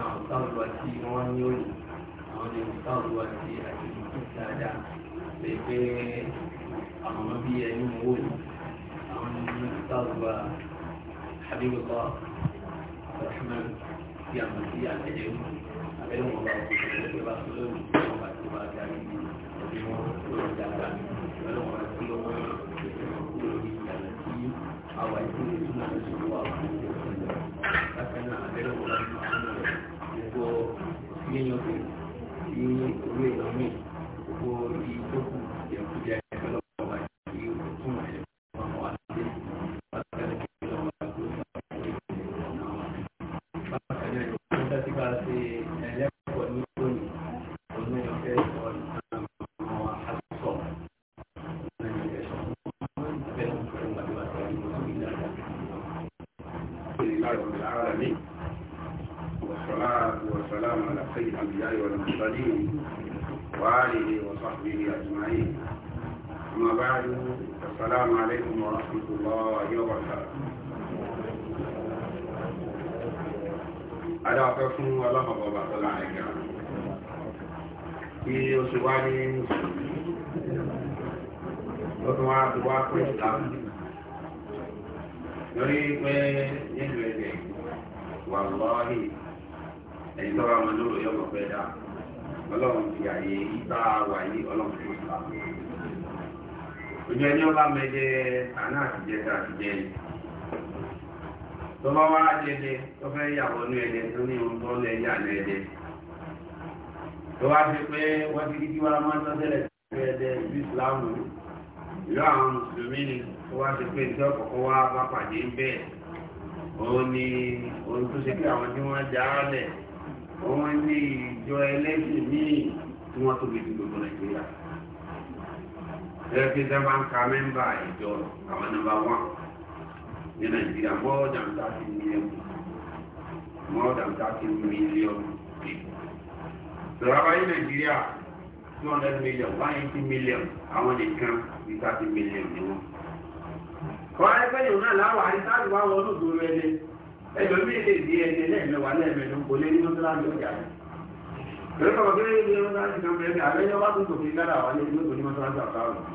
náà sáwùlù àti wọ́n ní òní àwọn ní sáwùlù àti àti dáadáa lè pé àwọn ọmọ bíi ẹni wò ní àwọn ní sáwùlù àbíkọ́ rahman tí a mọ̀ sí àtẹ̀jẹ́ mú abẹ́rẹ́ wọn bá wọ́n ṣe lọ́wọ́ bá tó lórí wọn bá tó bá darí ọdún wọn lórí dáadáa lọ́wọ́ wọn tí ó wọ́n kúrò ní ìlànà tí àwa ìpínlẹ̀ tó náà ń sọ wà fún ìwọ̀n bákan náà abẹ́rẹ́ wọn bá tó yíyan sí orí ìlànà ìwọ ìjókòó السلام عليكم ورحمة الله وبركاته adáwọ̀fẹ́ fún ọlọ́pàá tó láàrin gan kí ó ṣe wá ní mùsùlùmí ó tún wá òjò ẹni ọba mẹjẹ àná àtijẹ tá àtijẹ yìí tó bá wá dẹdẹ tó fẹ́ yàwó ní ẹdẹ tó ní ohun tó lẹ yà ní ẹdẹ tó wá fi pé wọ́n ti kíkí wá máa tọ́ tẹ́lẹ̀ sí ẹdẹ ìlú ìsìláàmù ìlú àwọn mùsùlùmí ni tó wá fi pé ìjọ kọ̀ọ̀kọ́ wá bá pàdé ń bẹ́ẹ̀ òun ni ohun tó ṣe pé àwọn tí wọ́n já lẹ̀ wọ́n ní ìjọ ẹlẹ́sìn míì tí wọ́n tóbi ju gbogbo nàìjíríà lẹ́gbẹ́ tẹ́ bá ń ka mẹ́mbà ìjọ àwọn nọ́mbà wọn ní nàìjíríà more than thirty million more than thirty million people sọ̀rọ̀ báyìí nàìjíríà two hundred million one eighty million àwọn nìkan bí thirty million ni wọn. kọ́ra ẹgbẹ́ yòó náà láwọ̀ àrísáàlù wà wọ́n ló dúró ẹni ẹlòmíì lè di ẹni lẹ́ẹ̀mẹ́wàá lẹ́ẹ̀mẹ́lú kò lé nínú tó láti ọjà rẹ̀ pero como que yo no sabía que no me a la valle y no tuvimos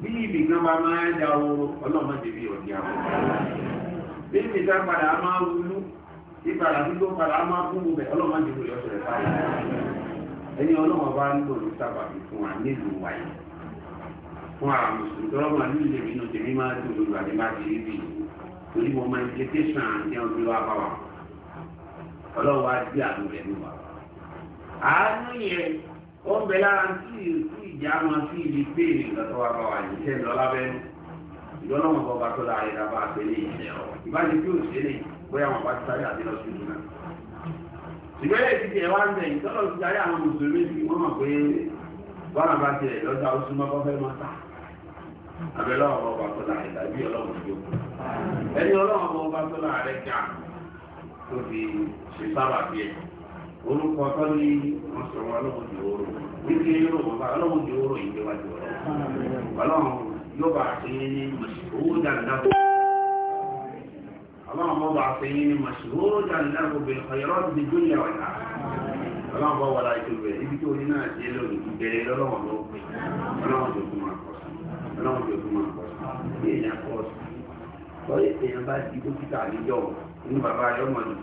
bí ibì kan bá máa ń dáwòrò ọlọ́mọdé bí ọ̀dí àwọn bí ibì kan padà máa ń wúlú bí padà bí máa fún gbogbo ọlọ́mọdé bí ọ̀dí ọ̀dí báyìí ẹni bá ń fún wa nílùú wáyé fún àwọn mùsùlùmí tó tèmi máa àti máa torí mo máa ń ìjà máa fi ìlú pé ìrìnkà tó wà bá wà ní iṣẹ́ ìlọ́lá bẹ́ẹ̀ ìjọba wọn bọ̀ bá tó la àyè dábàá àtẹlé ìṣẹ́ ọ̀ ìbáṣe tí ò ṣe lè bóyá wọn bá ti sáré àti lọ sí ìlú náà. ìgbẹ́ lè ti tẹ̀ wá ń bẹ̀ ìtọ́lọ̀ ti sáré àwọn mùsùlùmí sí wọ́n mọ̀ pé bọ́nà bá tiẹ̀ lọ́jà ó súnmọ́ kọ́ fẹ́ mọ́ta. àbẹ̀lẹ́ ọ̀bọ̀ bá tó la àyè dàbí ọlọ́run orúkọ tó ní wọn sọ̀rọ̀ ọlọ́run di oró wípé yóò bá ọlọ́run di oró yìí wájú ọlọ́run ọlọ́run yóò bá ṣe yín ní owó dáadáa ọlọ́run bọ́ bá ṣe yín ní màṣíwóró dáadáa gbogbo ìfọyọ́rọ́ ti dún ní ọ̀la ọlọ́run bọ́ wọlá ètò rẹ̀ tí oní náà jẹ́ lónìí ọlọ́run kọ́ sí ọlọ́run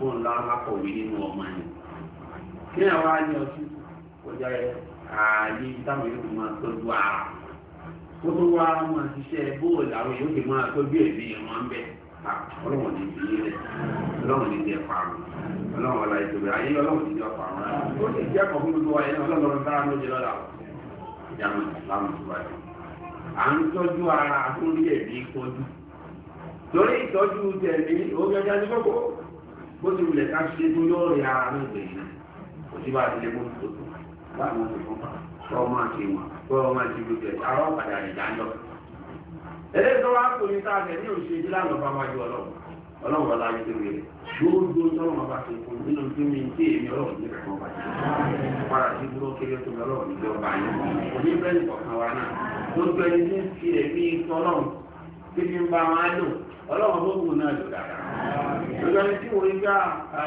kọ́ sí kí àwọn ayé ọtí kọjá ààyè táwọn yóò máa tọ́jú ara kó tó wá máa ṣiṣẹ́ bóòlù àwọn yóò ti máa tọ́jú ẹ̀mí wọn bẹ́ẹ̀ ọlọ́wọ̀n ní ti yé rẹ̀ ọlọ́wọ̀n ní ti ẹ̀fà rẹ̀ ọlọ́wọ̀n ọ̀la ìtòbí ayé ọlọ́wọ̀n ní ti ọ̀fà rẹ̀ ó sì jẹ́ ọkọ̀ fún gbogbo ayé ọlọ́wọ̀n dára ló jẹ lọ́la ìjàmù ìsìlámù tó wáyé à ń tọ́jú ara àtúndí ẹ̀mí kọjú torí ìtọ́jú tẹ̀mí ó gẹ́gẹ́ ní kókó bó ti wulẹ̀ ká ṣe tó yọ ọ̀rẹ́ ara ló gbẹ̀yìn kò sí bá a ti lè mú tó tó bá a mú tó fún wa kọ́ ọmọ àti ìwọ̀n kọ́ ọmọ àti ìlú jẹ àrọ́ padà rẹ̀ dájọ́. ẹlẹ́yìn tó wá kò ní sáà fẹ́ ní òṣèlú lánàá bá wájú ọlọ́run ọlọ́run wà láyé tó rẹ̀ gbogbo tọ́lọ́mọ bá ti kún nínú tó mi tí èmi ọlọ́run ní kàkọ́ bá ti para sí dúró kéré tó mi ọlọ́run níjọ bá yẹn òní bẹ́ẹ̀ kọ̀ọ̀kan wa náà gbogbo ẹni tí ń fi ẹ̀mí tọ́lọ́run tí mi ń bá wọn á lò ọlọ́run tó kù náà lò dáadáa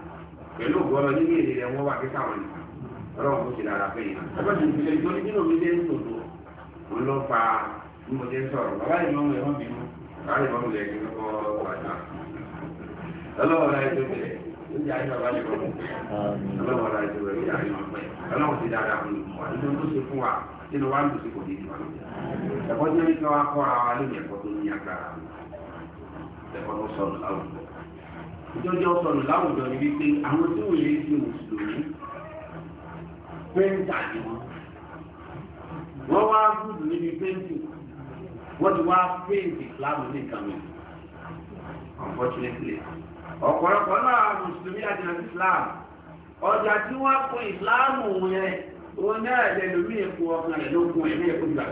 pẹ̀lú ògbọ́lọ́ nínú èdè rẹ̀ wọ́n wà kí káwọn nìkan ọlọ́run kò sì dára pé yìí ọjọ́ ti ìpìlẹ̀ ìjọ ní kílò mi dé ń tòdò òun ló fa bí mo dé ń sọ̀rọ̀ bàbá yìí mọ́mú ẹ̀wọ́n bínú bàbá yìí mọ́mú lẹ̀ nínú kọ́ wàjà ọlọ́run ọ̀la ètò bẹ̀rẹ̀ ó ti àyè bàbá yìí mọ́mú ọlọ́run ọ̀la ètò bẹ̀rẹ̀ ó ti àyè mọ́mú ọlọ́run ti dára fún wa nínú tó ṣe fún wa nínú wa ń dùn sí kò ní ìdìbò ẹ̀kọ́ tí wọ́n ní kí wọ́n kọ́ ara lónìí ẹ̀kọ́ tó ní agbára ẹ̀kọ́ tó sọ̀rọ̀ ìjọjọ́ sọnù láwùjọ ni wípé àwọn tí wọ́n lè ṣe mùsùlùmí pẹ́ńtà ni wọ́n wọ́n wá gùdù níbi pẹ́ńtì wọ́n ti wá pẹ́ńtì láàmú nìkan mi unfortunately ọ̀pọ̀lọpọ̀ náà mùsùlùmí Islam ọjà tí wọ́n kó ìsìláàmù yẹn òun náà lè lómi èkó ọkàn rẹ̀ ẹ̀mí èkó ìgbà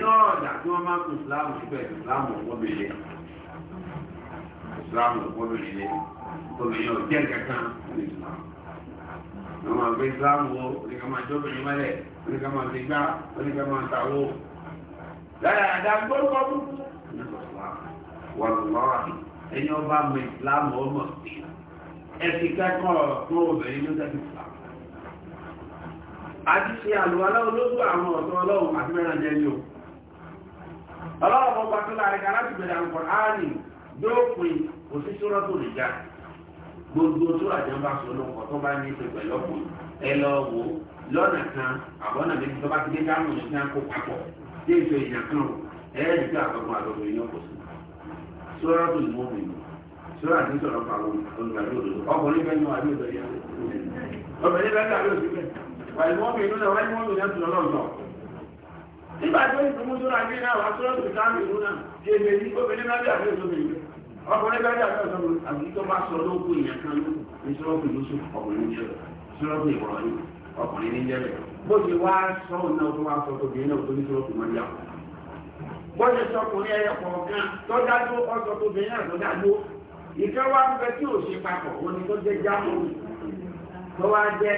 tó ọjà tí wọ́n máa kó islam ìsìlámù obìnrin lé obìnrin ò jẹ́ kankan ní ìsìlámù wọ́n máa gbé ìsìlámù wo oníkà máa jó obìnrin mẹ́lẹ̀ oníkà máa ti gbá oníkà máa tàwó lára àdá gbórúkọ búkú wọ́n lọ́wọ́ ẹni ọba mọ ìsìlámù ọmọ ẹ̀sìn kẹ́kọ̀ọ́ fún obìnrin ló tẹ́sí ìsìlámù àti ṣe àlùwálá olóògbé àwọn ọ̀tọ́ ọlọ́run àti mẹ́rin jẹ́ ní o ọlọ́run ọba tó láàrin kan láti bẹ̀rẹ̀ àwọn kọ̀ọ̀rọ̀ yóò pin òsì sọ́rọ́ tó lè já gbogbo tó àjọba sọ̀rọ̀ ọkọ̀ tó bá ní ṣe pẹ̀lú ọ̀pọ̀ ẹ lọ wò lọ́nà kan àbọ̀nà méjì tó bá ti dé dáhùn ní kí wọ́n kó papọ̀ dé ìṣe ìyàn kan o ẹ ẹ́ ní kí àkọ́kọ́ àlọ́dọ̀ yìí ọkọ̀ sí sọ́rọ́ tó ìmọ̀ mi sọ́rọ́ àti sọ̀rọ̀ pàwọn olùgbàdo òdòdó ọkùnrin bẹ́ẹ̀ ni wà ní ọ̀dọ̀ ìyàwó obìnrin bẹ́ẹ̀ ni àlọ́ òsì nígbà tó ń fún mú sóra ní náà wá sọ́rọ́ tó ká mi ìlú náà ṣe èmi ní obìnrin bá bí àfẹ́ ìsọ́mi ìlú ọkùnrin bá dà sọ́dọ̀ àbí tó bá sọ lóko èèyàn kan ló ní sọ́ọ́kù yusuf ọkùnrin jẹ́ sọ́ọ́kù ìwọ̀nyí ọkùnrin ní jẹ́ bẹ́ẹ̀ bó ti wá sọ́ọ̀ náà tó wá sọ́ọ́ tóbi náà tó ní sọ́ọ́kù mọ́jà bó ti sọkùnrin ẹyọ kọ̀ọ̀kan tó dájú ọ̀sọ̀ tóbi náà tó dájú ìkẹ́ wá fẹ́ tí ò ṣe papọ̀ ó ní tó jẹ́ jámù tó wá jẹ́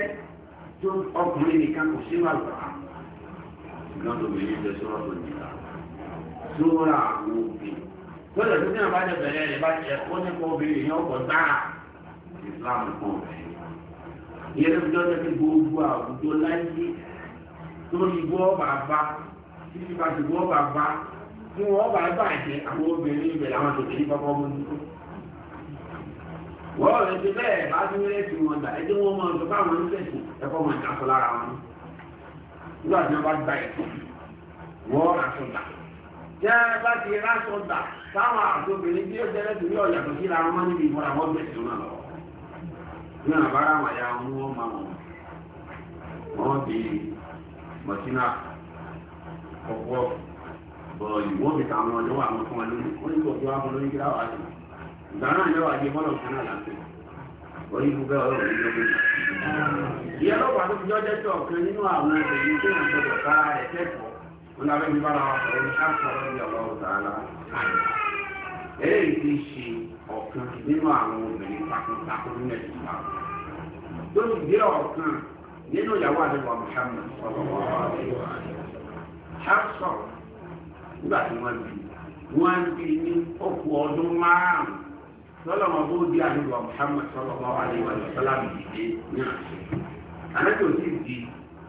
tó ọkùnrin nìkan kò sí wàlúwà lọ́dọ̀ lọ́dọ̀ tó tẹ́lẹ̀ bá jẹ bẹ̀rẹ̀ rẹ̀ bá jẹ ó ní kó obìnrin yẹn ọkọ̀ dáa Islam kọ̀ ìyẹn ló fi jọ́ jẹ́ pé gbogbo àwùjọ láyé lórí ìwọ bàbá títí bá ti wọ́ bàbá tí wọ́n bá bàjẹ́ àwọn obìnrin ibẹ̀ làwọn tó tẹ̀lé bàbá ọmọ ní kó wọ́n rẹ̀ ti bẹ́ẹ̀ bá tún rẹ̀ ti wọn dà ẹjẹ́ wọn máa tó bá wọn ń tẹ̀sùn jẹ́ bá ti ráṣọ gbà táwọn àtòbìnrin tí ó jẹ́lẹ̀ torí ọ̀yà tó kíra wọn níbi ìmọ̀ra wọn bẹ̀rẹ̀ náà lọ. ní àbára àwọn àyà wọn wọn máa wọn wọn bí mọ̀tínà ọ̀pọ̀ bọ̀ọ̀lì wọ́n fi ta àwọn ọjọ́ àwọn fún wọn lónìí wọ́n ní kò tó wá fún lórí kíra wà sí. ìgbà náà yọ àjẹ bọ́lọ̀ fún náà láti orí wọn lábẹ́ ní bára wọn sọ̀rọ̀ ní sáfọ̀rọ̀ ní ọ̀rọ̀ ọ̀tàlá eléyìí ti ṣe ọ̀kan nínú àwọn obìnrin takuntakun ní ẹ̀sìn náà tó ń gbé ọ̀kan nínú ìyàwó àdébọ̀ Muhammad sọ̀rọ̀ Hafsa nígbà tí wọ́n bí wọ́n bí ní òkú ọdún márùn-ún sọ́lọ́ ma bó di àdébọ̀ Muhammad sọ̀rọ̀ wà àdébọ̀ sọ́lá ní àṣẹ ànábì ò sì di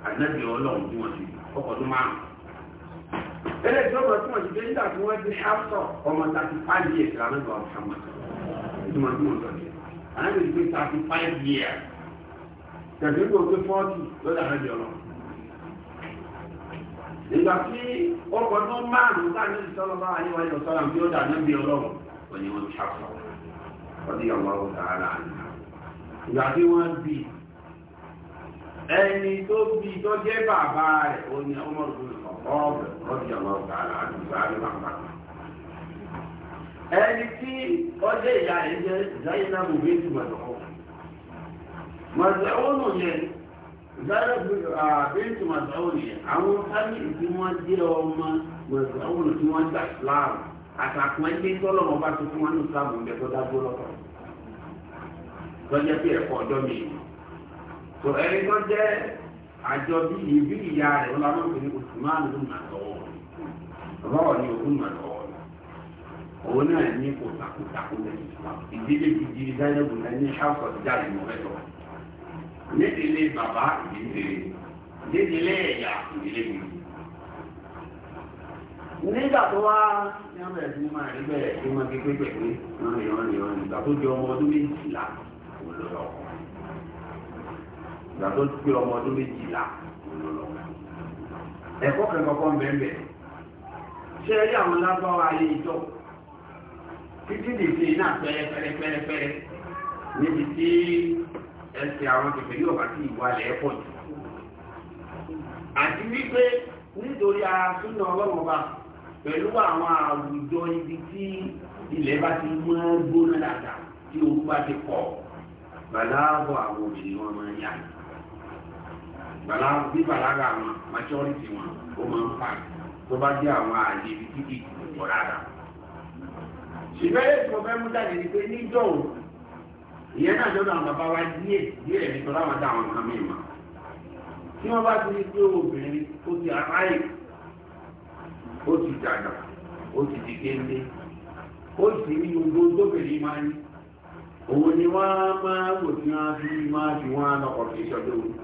ànábì ọlọ́run tí wọ́n ti ọkọ̀ ọdún márùn eléyìí tó máa túmọ̀ sí pé nígbà tí wọ́n ti ṣáàtọ̀ ọmọ thirty five years làwọn ìwà Muhammad ìtumọ̀ tí wọ́n tọ́jú àwọn ìwé pé thirty five years tẹ̀sí gbọ́ pé forty lọ́dà rẹ̀ jọ lọ. nígbà tí ọkọ̀ tó márùn-ún táwọn ìṣẹ́ ọlọ́ba ayéwáyé ọ̀sọ́ra bí ó dà níbi ọlọ́run wọ́n ni wọ́n ṣáàtọ̀ ọdí ọlọ́run tààrà àná. ìgbà tí wọ́n الخطاب رضي الله تعالى عنه وعن محمد ẹni tí ọjọ́ ìyá rẹ̀ jẹ́ zainabu bintu mazuun mazuun yẹn zainabu bintu mazuun yẹn àwọn fámìlì tí wọ́n jẹ́ ọmọ mazuun tí wọ́n gbà islam àtàkùn ẹgbẹ́ tọ́lọ́mọ bá ti fún wọn ní islam ń bẹ tó dágbó lọ́kọ̀ lọ́jọ́ àjọ bí ìbí ìyá rẹ̀ wọn lọ́wọ́ pé ní Usman ló mà lọ́wọ́ rọ́ọ̀ ni òun mà lọ́wọ́ òun náà ní kò takuntakò lẹ́yìn ìdílé gidi dáyẹ̀bù lẹ́yìn house of jazz mọ̀fẹ́tọ̀ nídìílé bàbá ìdílé nídìílé ẹ̀yà ìdílé gidi. nígbà tó wá ní wọn bẹ̀rẹ̀ ní máa rí bẹ́ẹ̀ tí wọ́n ti pé pẹ̀lú wọn ni wọn ni ìgbà tó di ọmọ ọdún méjìlá òun lọ́wọ́ ìgbà tó ti pé ọmọ ọdún méjìlá olólọ́wọ́ ẹ̀kọ́ kẹ́kọ̀ọ́ bẹ́ẹ̀ ṣe rí àwọn lágbára ayé ìjọ títí nìfẹ́ náà pẹ́rẹ́pẹ́rẹ́pẹ́rẹ́ níbi tí ẹsẹ̀ àwọn kẹfẹ́ yóò bá sí ìwalẹ̀ ẹ̀pọ̀ jù àti wípé nítorí ara súnà ọlọ́wọ́ bá pẹ̀lú àwọn àwùjọ ibi tí ilẹ̀ bá ti mọ́ gbóná dáadáa tí orú bá ti pọ̀ bàlágọ̀ àwọn obìnrin wọn máa ń yára bàlá bí bàlágà àwọn majority wọn ó máa ń fà tó bá àwọn ibi títí ìpò rárá. ṣùgbọ́n èyí tí mo fẹ́ mú jáde ni pé níjọ́ ò ìyẹn náà jọ́dọ̀ àwọn bàbá wa díẹ̀ díẹ̀ nítorí láwọn dá àwọn nǹkan mìíràn tí wọ́n bá ti ní pé obìnrin ó ti aráyè ó ti dàgbà ó ti di géńdé ó sì ní gbogbo tóbìnrin máa ní òun ni wọ́n máa wò tí wọ́n fi máa fi wọ́n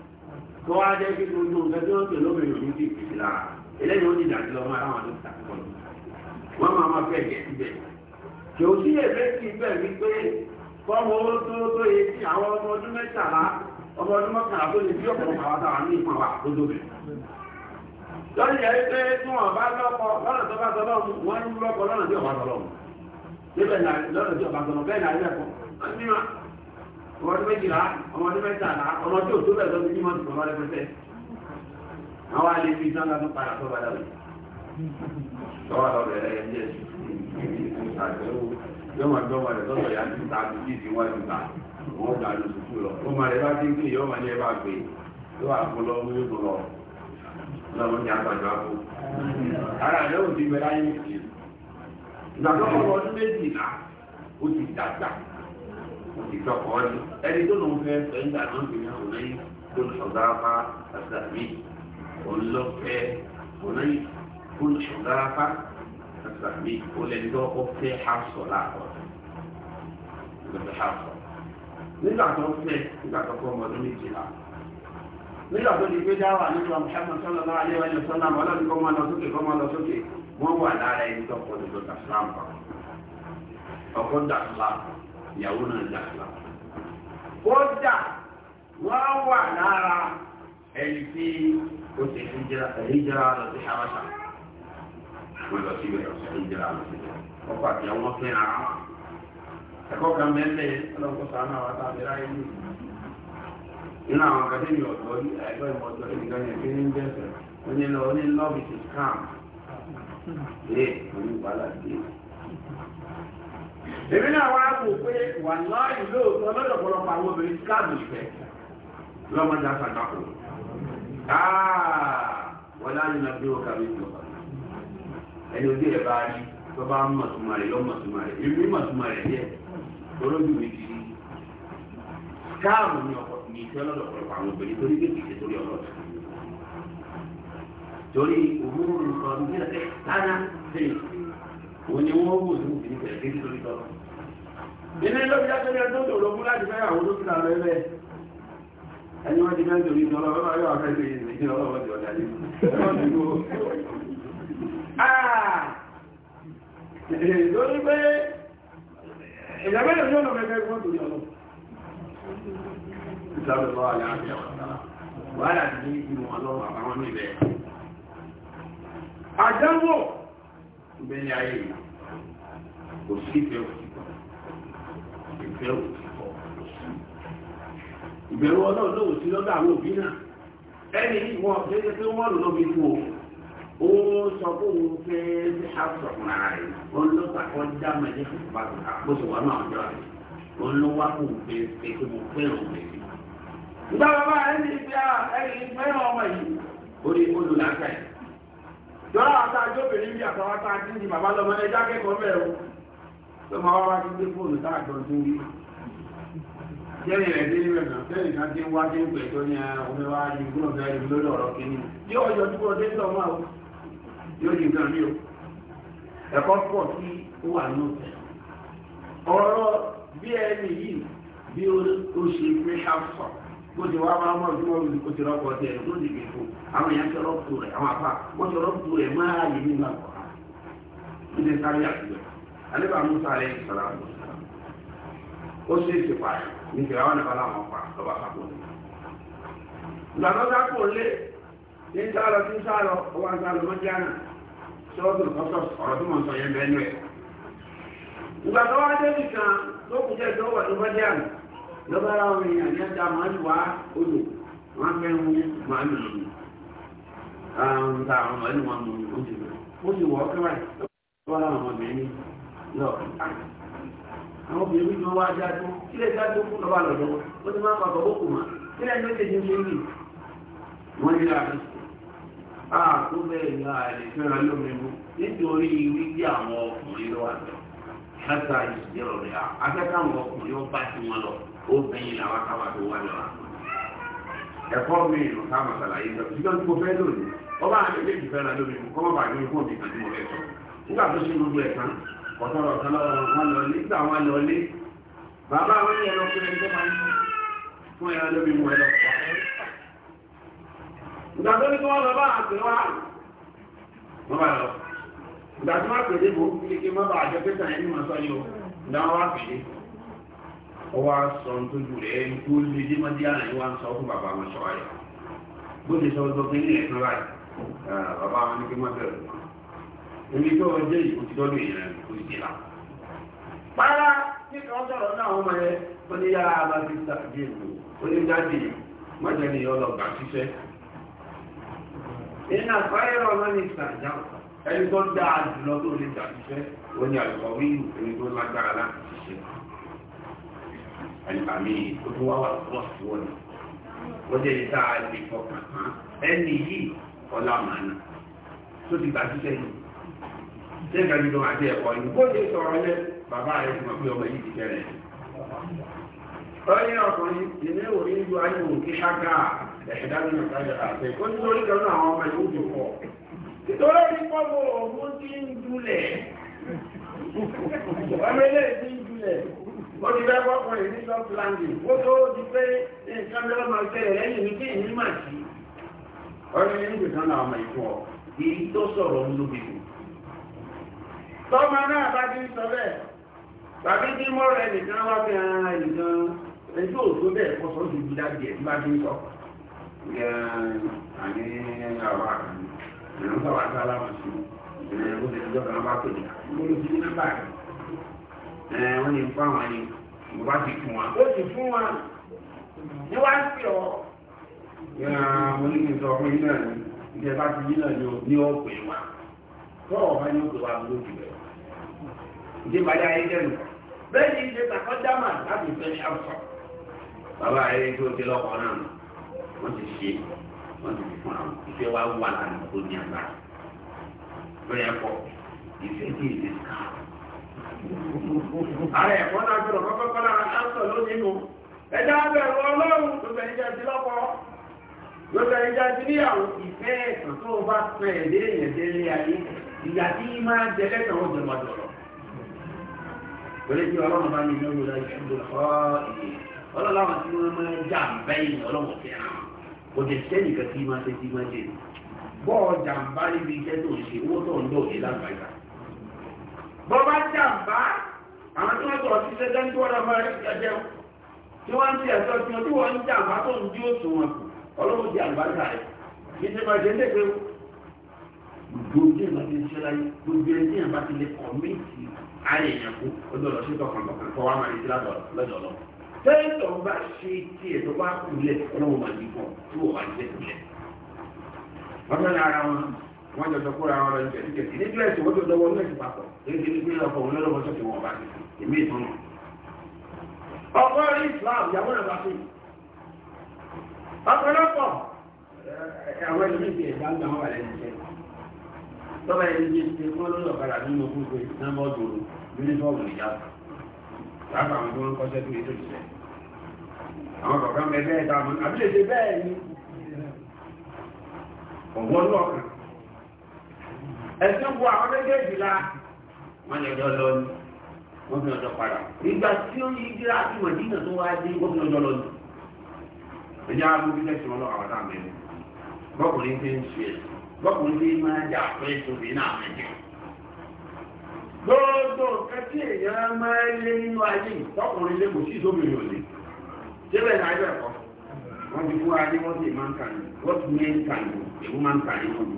tó wá jẹ́ kí gbogbo nǹkan tí wọ́n pè lóbìnrin òní ti pèsè lára eléyìí ó ti dàjú lọ́mọ àwọn àdó ìtàkùn wọn máa máa fẹ́ síbẹ̀ kì ó sí èfé sí ibẹ̀ wípé fọ́ọ̀mù owó tó tó yẹ kí àwọn ọmọ ọdún mẹ́tàlá ọmọ ọdún mọ́kànlá tó lè bí ọ̀pọ̀lọpọ̀ àwọn táwọn ní ìpàwà tó dóbi lọ́dún yẹ pé tí wọ́n bá lọ́kọ lọ́nà tó bá tọ́lọ́ wọ́n ń lọ́kọ lọ́nà tí ọ̀bá tọ́lọ́ ọmọ méjìlá ọmọ ọdún mẹ́tàlá ọmọ tí ò tó bẹ̀rẹ̀ lọ́dún ní mọ́tò bàbá àwọn alẹ́ fi sáńgá tó padà tó padà wò lọ́wọ́ lọ bẹ̀rẹ̀ ẹ̀jẹ̀ àgbẹ̀wò yọmọ àgbẹ̀wò rẹ̀ lọ́sọ̀ yá ti ta àbíkí ti wá ìgbà wọn gbà ló tutù lọ ó máa rẹ bá ti ń pè yọmọ ní ẹ bá gbé tó wà fún lọ wúlò ní àgbàjọ àpò ara àdéhùn ti bẹ̀rẹ̀ ayé nígbà tó kọ́ ọdún méjìlá ó ti dàgbà ìtọ́kọ̀ ọ́nì ẹni tó lòun fẹ́ fẹ́ nígbà náà fi hàn lẹ́yìn kó ṣọ̀dáfà àtàmì ọlọ́fẹ́ ọ̀lẹ́yìn kó ṣọ̀dáfà àtàmì ọlẹ́dọ́ ọ̀fẹ́ hàṣọ̀lá ọ̀fẹ́ hàṣọ̀. nígbà tó fẹ́ nígbà tó kọ́ ọmọdé méjìlá nígbà tó di pé dáwà nígbà Muhammad sallallahu alaihi wa sallam ọlọ́dún kọ́ máa lọ sókè kọ́ máa lọ sókè wọ́n wà lára ẹni tó kọ́ ọ̀dọ̀ ìyàwó náà dà sílá kódà wọ́n wà lára ẹni tí ó ti hijira lọ sí habasha wọ́n lọ sí ìwẹ̀rọ sí hijira lọ sí ọkọ̀ àti àwọn ọkùnrin ara wọn ẹ̀kọ́ kan mẹ́lẹ̀ ọlọ́pọ̀ sàánà wà tàbí ráyé ní inú àwọn akadémi ọ̀dọ́ ẹ̀kọ́ ìmọ̀ ọ̀dọ́ ìgbìkan yẹn kí ní jẹ́sẹ̀ onílọ́ọ̀bì ti scam èmi náà wá wò pé wà láàyè lóòótọ́ lọ́dọ̀ pọ̀lọpọ̀ àwọn obìnrin káàdì ìfẹ́ lọ́mọdé àtàkàkò wọ́n láàyè náà bí wọ́n kàwé ìjọba ẹni ojú ẹ̀ bá rí tó bá mọ̀ tó máa rẹ̀ lọ́ mọ̀ tó máa rẹ̀ èmi mọ̀ tó máa rẹ̀ díẹ̀ olójú mi ti rí káàmù ni ọkọ̀ ní ìfẹ́ lọ́dọ̀ pọ̀lọpọ̀ àwọn obìnrin torí pé kìí ṣe torí ọlọ́dọ̀ torí òwúrò nǹkan ní ẹ̀ka òun wọ́n wò ní ìpínlẹ̀ èdè tó lọ. nínú ilé ìjọ tó yẹ tó tòrò fún láti fẹ́ àwọn tó fìlà rẹ bẹ́ẹ̀ ẹni wọ́n ti fẹ́ torí tọ́lọ wọ́n máa yọ àfẹ́ sí ìrìnàjò ọlọ́wọ́ ti ọ̀dà ní ọ̀dà lórí pé ìjàmẹ́lẹ̀ ní ọ̀nà mẹ́fẹ́ fún torí ọlọ́ ìsàlùmọ́ àlàáfíà wà láti ní ìmọ̀ ọlọ́wọ́ àbáwọn níbẹ̀ àdánwò bẹ ní ayé o, kò sí ìfẹ́ òtí kọ́ ìfẹ́ o kọ́ ìbẹ̀rù ọlọ́run lóhùn sí lọ́dọ̀ àwọn òbí náà ẹni ìwọ̀n ṣeéṣe pé wọ́n lọ́ fi o ó sọ pé òun fẹ́ ṣe àtọ̀kùn ara rẹ̀ wọ́n lọ sàkọ́ já jọ́lá àti àjọbìnrin bí àtàwọn tá a ti di bàbá lọ́mọ ẹja akẹ́kọ̀ọ́ o tó máa wá wá ti gbé tá a gbọ́ tó wí. jẹ́rì rẹ̀ dé níbẹ̀ náà fẹ́rẹ̀ kan ti ń wá dé ń pẹ̀ tó ní ọmọ wa ní gbọ́n fẹ́ rí lórí ọ̀rọ̀ kìíní. yóò yọ tí wọ́n dé ń o yóò di o. ẹ̀kọ́ pọ̀ sí wà nù. ọ̀rọ̀ bí ẹni yìí bí ó ṣe pé ṣàfùsọ̀ bó ti wá máa mọ̀ tí wọ́n lò ó ti rọ́pò tiẹ̀ ló ti gbè fún àwọn èèyàn ti rọ́pò rẹ̀ àwọn apá wọ́n ti rọ́pò rẹ̀ máa yè nínú àgbà ó ti sáré àtúgbẹ̀ alẹ́bà musa alẹ́ ìsọ̀rọ̀ àbọ̀ ó ṣe é ti pa ní ìgbà wọn nípa láwọn pa lọ́ba kápò ní. ìgbàgbọ́ sápò lé ní sálọ tí sálọ ó wá sálọ mọ́ jáàna sọ́ọ́tù kọ́sọ̀ ọ̀rọ̀ tó mọ̀ sọ yẹn bẹ́ẹ̀ nù ẹ̀. ìgbàgbọ́ lọ́bàrá ọmọ èèyàn ní ọjà màálù wá odò wọ́n fẹ́ mú màálù yìí àwọn ta àwọn màálù wọn mú un ti mú ti wọ́ kẹ́wàá lọ́bàrá ọmọ obìnrin lọ àwọn obìnrin tí wọ́n wá já tó kílẹ̀ já tó fún lọ́bàá lọ́dọ̀ ó ti máa pàpọ̀ ó kù mọ́ kílẹ̀ ní ó ti dín sí wọ́n ní láàrín ààtò bẹ́ẹ̀ ní ààrẹ fẹ́ra lómìnú nítorí wíjẹ́ àwọn ọkùnrin lọ́wọ́ àjọ obìnrin làwọn sábà tó wá lọ mi ìlú sábà sàlàyé sọ ṣùgbọ́n fẹ́ lónìí ọba àti méjì fẹ́ lómi kọ́ mọ́ bàjẹ́ fún mi kàdé mo fẹ́ nígbà tó ṣe gbogbo lọ́wọ́ wọn lọ wọn lọ bàbá lọ fún ẹni tó máa ń fún ẹran lómi mú ẹ lọ tó ní kí wọ́n lọ bá ó wá sọ tó ju rẹ̀ ẹni tó lé dé mọ́díyàrá yìí wá ń sọ fún bàbá wọn sọ ayọ̀ bó ti sọ ọjọ́ pé ní ẹ̀sán báyìí bàbá wọn ní kí wọ́n bẹ̀rù wọn èmi tó ọjọ́ yìí kò ti tọ́jú ìrìn àjò kò sì là. pàrà nípa ọjọ́rọ̀ náà wọ́n mọ̀ ẹ́ ó ní yára bá ti sàdé ìlú ó ní jáde mọ́jẹ́ ni yọ lọ gbà síṣẹ́. iná fáyọ̀ ọmọ ní ìsàjà ẹni tó dáa jùlọ tó lè gbà síṣẹ́ ó ní àlùkò wíwù ẹni tó lágbára láti ṣiṣẹ́ àlùfàmì tó tún wá wà lọ́wọ́ sí wọn wọ́n jẹ́ ní táà lè fọkàn tán ẹni yìí ọlá màánà tó ti gbà síṣẹ́ yìí sẹ́ka nínú àti ẹ̀kọ́ yìí bó ṣe sọ̀rọ̀ lẹ́ bàbá rẹ̀ fún ọ̀pẹ́ ọmọ yìí ti fẹ́rẹ̀ ọ̀yẹ́ ọkùnrin ìní òní ju ayé òkè ṣáká ẹ̀ṣẹ̀dá nínú ìtajà àti ẹ̀kọ́ nítorí kan náà àwọn ọmọ yìí ti pọ̀ nítorí ní ọ̀gbọ́n ti ń dulẹ̀ ọmọ ilé ti ń dulẹ̀ ó ti fẹ́ fọ́kùn rẹ̀ soft landing ó tó di pé nǹkan mẹ́rọ máa tẹ́lẹ̀ lẹ́yìn ní kí ìní mà sí ọdún ní ìgbìkan náà ọmọ ìfún èyí tó sọ̀rọ̀ ń tọ́mọ náà bá ti sọ bẹ́ẹ̀ tàbí kí mọ́ rẹ̀ nìkan wá fi hàn nìkan ẹjọ́ òtó bẹ́ẹ̀ wọ́n ní nǹkan àwọn ni mo bá ti fún wa ó ti fún wa ní wá ń pè ọ́ mo ní kí n sọ fún yín náà ní ìjẹba ti yín náà ní ó pè wá tó ọ̀bá ní ó pè wá lójú rẹ̀ ìjẹba yá ayé jẹ́nu bẹ́ẹ̀ ni ìjẹ tàkọ́ dámà láti fẹ́ ní àwùsọ̀ bàbá ayé tó ti lọ́kọ̀ọ́ náà wọ́n ti ṣe wọ́n ti fún àwọn ìfẹ́ wa wà lánàá tó ní àgbà lórí ẹ̀kọ́ ìfẹ́ tí ìdí káà ààrẹ ẹ̀kọ́ náà gbọ́dọ̀ kọ́kọ́ kọ́ lára káńsọ̀ lónìí nù ẹjá bẹ̀rù ọlọ́run ló bẹ̀rẹ̀ jẹ́ ti lọ́kọ́ ló bẹ̀rẹ̀ jẹ́ ti níyàwó ìfẹ́ ẹ̀sán tó bá fẹ́ ẹ̀dẹ́ èèyàn jẹ́ ilé ayé ìyá tí máa jẹ lẹ́sàn ó jẹ mọ́jọ́rọ̀ pẹ̀lú tí ọlọ́run bá ní ìlú ìlú ìṣúdò kọ́ ọlọ́run láwọn tí wọ́n máa jà ń bẹ́yìn ọlọ́run fẹ́ràn kò jẹ́ sẹ́nìkan tí máa ṣe tí máa bọ́bá jàmbá àwọn tí wọ́n tọ̀ sí sẹ́jẹ́ tí wọ́n rọmọ rẹ̀ jẹjẹ́ tí wọ́n ti ẹ̀sọ́ tí wọ́n tí wọ́n ń jàmbá tó ń dí òsù wọn kù ọlọ́run di àlùbáríkà rẹ̀ kí ṣe máa jẹ́ lẹ́gbẹ̀ẹ́ gbogbo ìgbà tí ń ṣe láyé gbogbo ẹni tí yàn bá ti lè kọ̀míìtì ayé èèyàn kú ó lọ́dọ̀ sí tọkàntọkàn kọ́ wa máa ń tó bá ni ara wọ́n jọ sọ kúrò àwọn ọ̀rọ̀ ìjẹ̀díjẹ̀dí ní gílẹ̀sì wọ́n tó lọ́wọ́ ní ẹ̀sìn papọ̀ èyí ní pé ọkọ̀ òun lọ́wọ́ sọ́tì wọn bá èmi ìtọ́nà ọkọ̀ Islam ìyàwó rẹ̀ bá sí ọ̀pọ̀lọpọ̀ àwọn ẹni méjì ẹ̀dá ń gbà wọ́n wà tọ́ba ẹni ti kọ́ lórí ọ̀kadà nínú gbogbo ìdánwò dòrò yúnífọ́ọ̀mù ìjáàbù lábàá àwọn tó ń kọ́ṣẹ́ ọ̀gbọ́n ẹ̀sìn bu àwọn méjèèjì la wọ́n yọjọ́ lọ ní wọ́n fi ọjọ́ padà ìgbà tí ó yí jíra àti mọ̀dínà tó wá dé wọ́n fi ọjọ́ lọ ní. ẹ̀jẹ̀ á mú bílẹ̀ sí wọn lọ́wọ́ àwọn táwọn mẹ́rin bọ́kùnrin fi ń ṣe bọ́kùnrin fi máa jà pé tóbi náà mẹ́jọ. gbogbo nǹkan tí èèyàn máa ń lé nínú ayé bọ́kùnrin lé kò sí ìsóbìnrin òní débẹ̀ ní ayé ẹ̀kọ́ wọ́n ti fún ayé wọ́n sì máa ń kàn wọ́n ti mé ń kàn èwo máa ń kàn yín wọ́n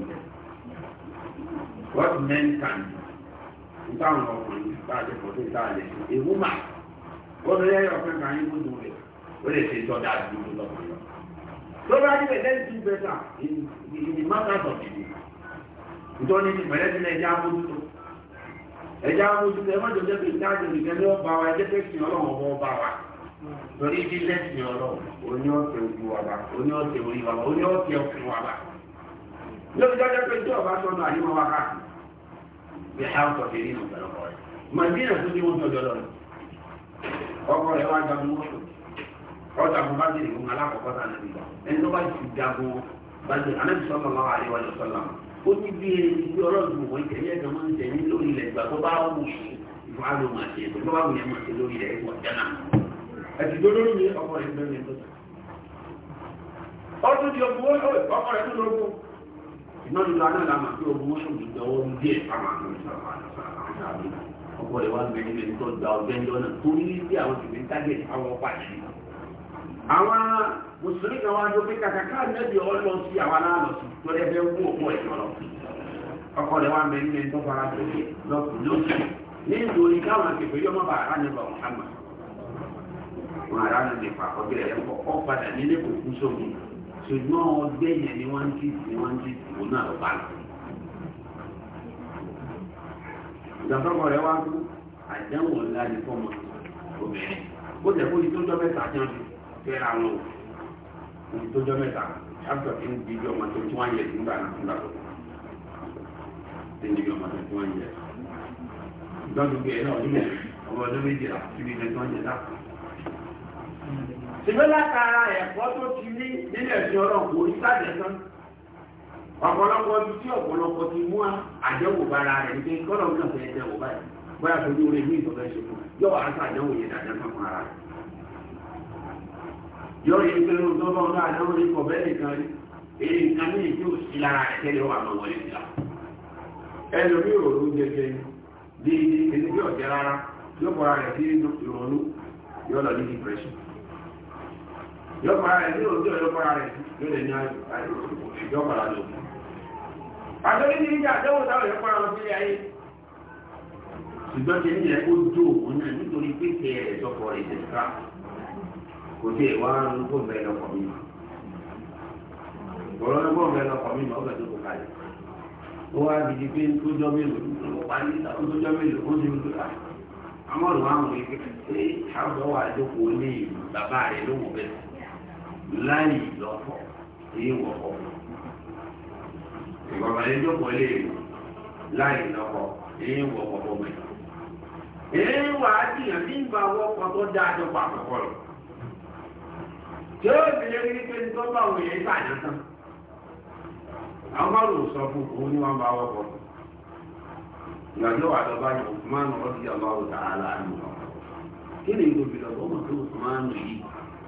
what men can do nítawọn ọkùnrin bá a ti pọ̀ tó ìta àlẹ́ sí ewu mà gbọ́dọ̀ yẹ ọkùnrin kan yín gbọ́dọ̀ rẹ̀ ó lè ṣe ìtọ́jà àdúgbò lọ́kùnrin lọ. tó bá dé bẹ̀rẹ̀ ti bẹ̀rẹ̀ in the matters of the day nítorí ní bẹ̀rẹ̀ ti lẹ̀ ẹja mójútó ẹja mójútó ẹ má jọ jẹ́ pé ìtajà nìkan ní ọba wa ẹjẹ́ kẹ́sìn ọlọ́run ọba ọba wa torí bí lẹ́sìn ọlọ́run oní ọ̀tẹ̀ ojú wa bá oní ọ̀tẹ̀ orí wa bá oní ọ̀tẹ̀ ọkùnrin wa bá lórí dájọ́ pé tí ọba sọ́nà àyíwá wa káàkiri pé out of the name of the lord màdínà tó ní wọ́n tó jọlọ rẹ̀ ọkọ rẹ̀ wá jagun mọ́tò ọjà fún bá dìrì fún alákọ̀ọ́kọ́ tà nàbí ẹni tó bá ti jagun bá dìrì anábì sọ́nà lọ́wọ́ àríwá yọ sọ́nà ó ní bí ẹni tí ọlọ́run wọ̀ ìtẹ̀lé ẹ̀jọ̀ máa ń tẹ̀lé lórí ilẹ̀ ìgbà tó bá wù ìfọ̀ àlọ́ máa ṣe tó bá ọdún ti ọgbọ́n ọkọ rẹ̀ tó lọ́gbọ́n ìnáwó ìlú aná làmà pé ogun mọ́ṣọ́n ti gbà wọ́n díẹ̀ fáwọn àti ọkọ rẹ̀ wá gbẹ̀yìn lẹ́nu tó gba ọgbẹ́ ńlọ náà tó ní bí àwọn tìbí ń tágẹ̀ àwọn ọpa yìí. àwọn mùsùlùmí kan wá dókè kàkà káà nẹ́bí ọlọ sí àwọn aláàlọ́ sí lọ́dẹ fẹ́ wú ọkọ ẹ̀ lọ. ọkọ rẹ̀ wá gbẹ̀yìn lẹ́nu tó fara sókè lọ́kùnrin lọ́sùn nítorí káwọn akẹ́kọ̀ọ́ yọmọ bá ara ní ọba Muhammad. wọn ará ní ṣùgbọ́n ọgbẹ́ yẹn ni wọ́n ń jí wọ́n ń jí sí náà bá lọ. ìdàtọ́kọ̀ rẹ̀ wá kú àdánwò ńlá ni fọ́mọ obìnrin ó jẹ́ kó ní tó jọ jẹun fẹ́ra wọn o ní tó jọ mẹ́ta ṣáàtọ̀ kí ń di ibi ọmọ tó tí wọ́n yẹ nígbà náà nígbà tó ti ọmọ tó tí wọ́n yẹ. ìgbọ́n gbogbo ẹ̀ náà nílẹ̀ ọmọ ọdún méjìlá síbi ìgbẹ́ tí wọ́n yẹ ṣùgbọ́n látara ẹ̀kọ́ tó ti ní nílẹ̀ sí ọlọ́pọ̀ oríṣàjẹ́ tán ọ̀pọ̀lọpọ̀ ibi tí ọ̀pọ̀lọpọ̀ ti mú àjẹwò bára rẹ̀ nígbẹ́ kọ́lọ̀ náà fẹ́ jẹwò báyìí bóyá tó ní orí ìlú ìtọ́fẹ́ ṣe fún yọ wà á sàjẹwò yẹn dáadáa fún ara rẹ̀ yọ yẹ pé ó tó bọ́ náà náà ní kọ̀bẹ́ nìkan rí èyí nǹkan ní ìjú sí lára rẹ̀ tẹ́lẹ̀ wà máa wọlé sí la ẹlòmí òru jẹjẹ bí ẹni bí ọ̀jẹ̀ rárá yóò kọ́ra rẹ̀ sí ìrònú yọ lọ ní depression yọ́pàá rẹ̀ ní òjò yọ́pàá rẹ̀ ló lè ní yọ́pàá lò. Àtọ́lé ní ìjà àdéhùn táwọn yọ́pàá lọ sílé ayé. Ṣùgbọ́n ti ní ẹ̀kọ́ jó òun náà nítorí pèsè rẹ̀ sọ́kọ̀ rẹ̀ ṣe ká. Kò sí ìwà arúgbó bẹ́ẹ̀ lọkọ̀ mi. Bọ̀rọ̀ arúgbó bẹ́ẹ̀ lọkọ̀ mi máa ń bẹ̀ tó kò kalẹ̀. Ó wá gidi pé tó jọ mélòó, láì lọ́pọ̀ èyí wọ̀pọ̀ ìgbọ̀nà ìjókòó lè láì lọ́pọ̀ èyí wọ̀pọ̀ fọmọ èyí wà á ní ìgbà wọ́pọ̀ tó dáa tó pa àkọ́kọ́ ó yẹn yàn tán. àwọn bá lò sọ fún òun ní bá wọ́pọ̀.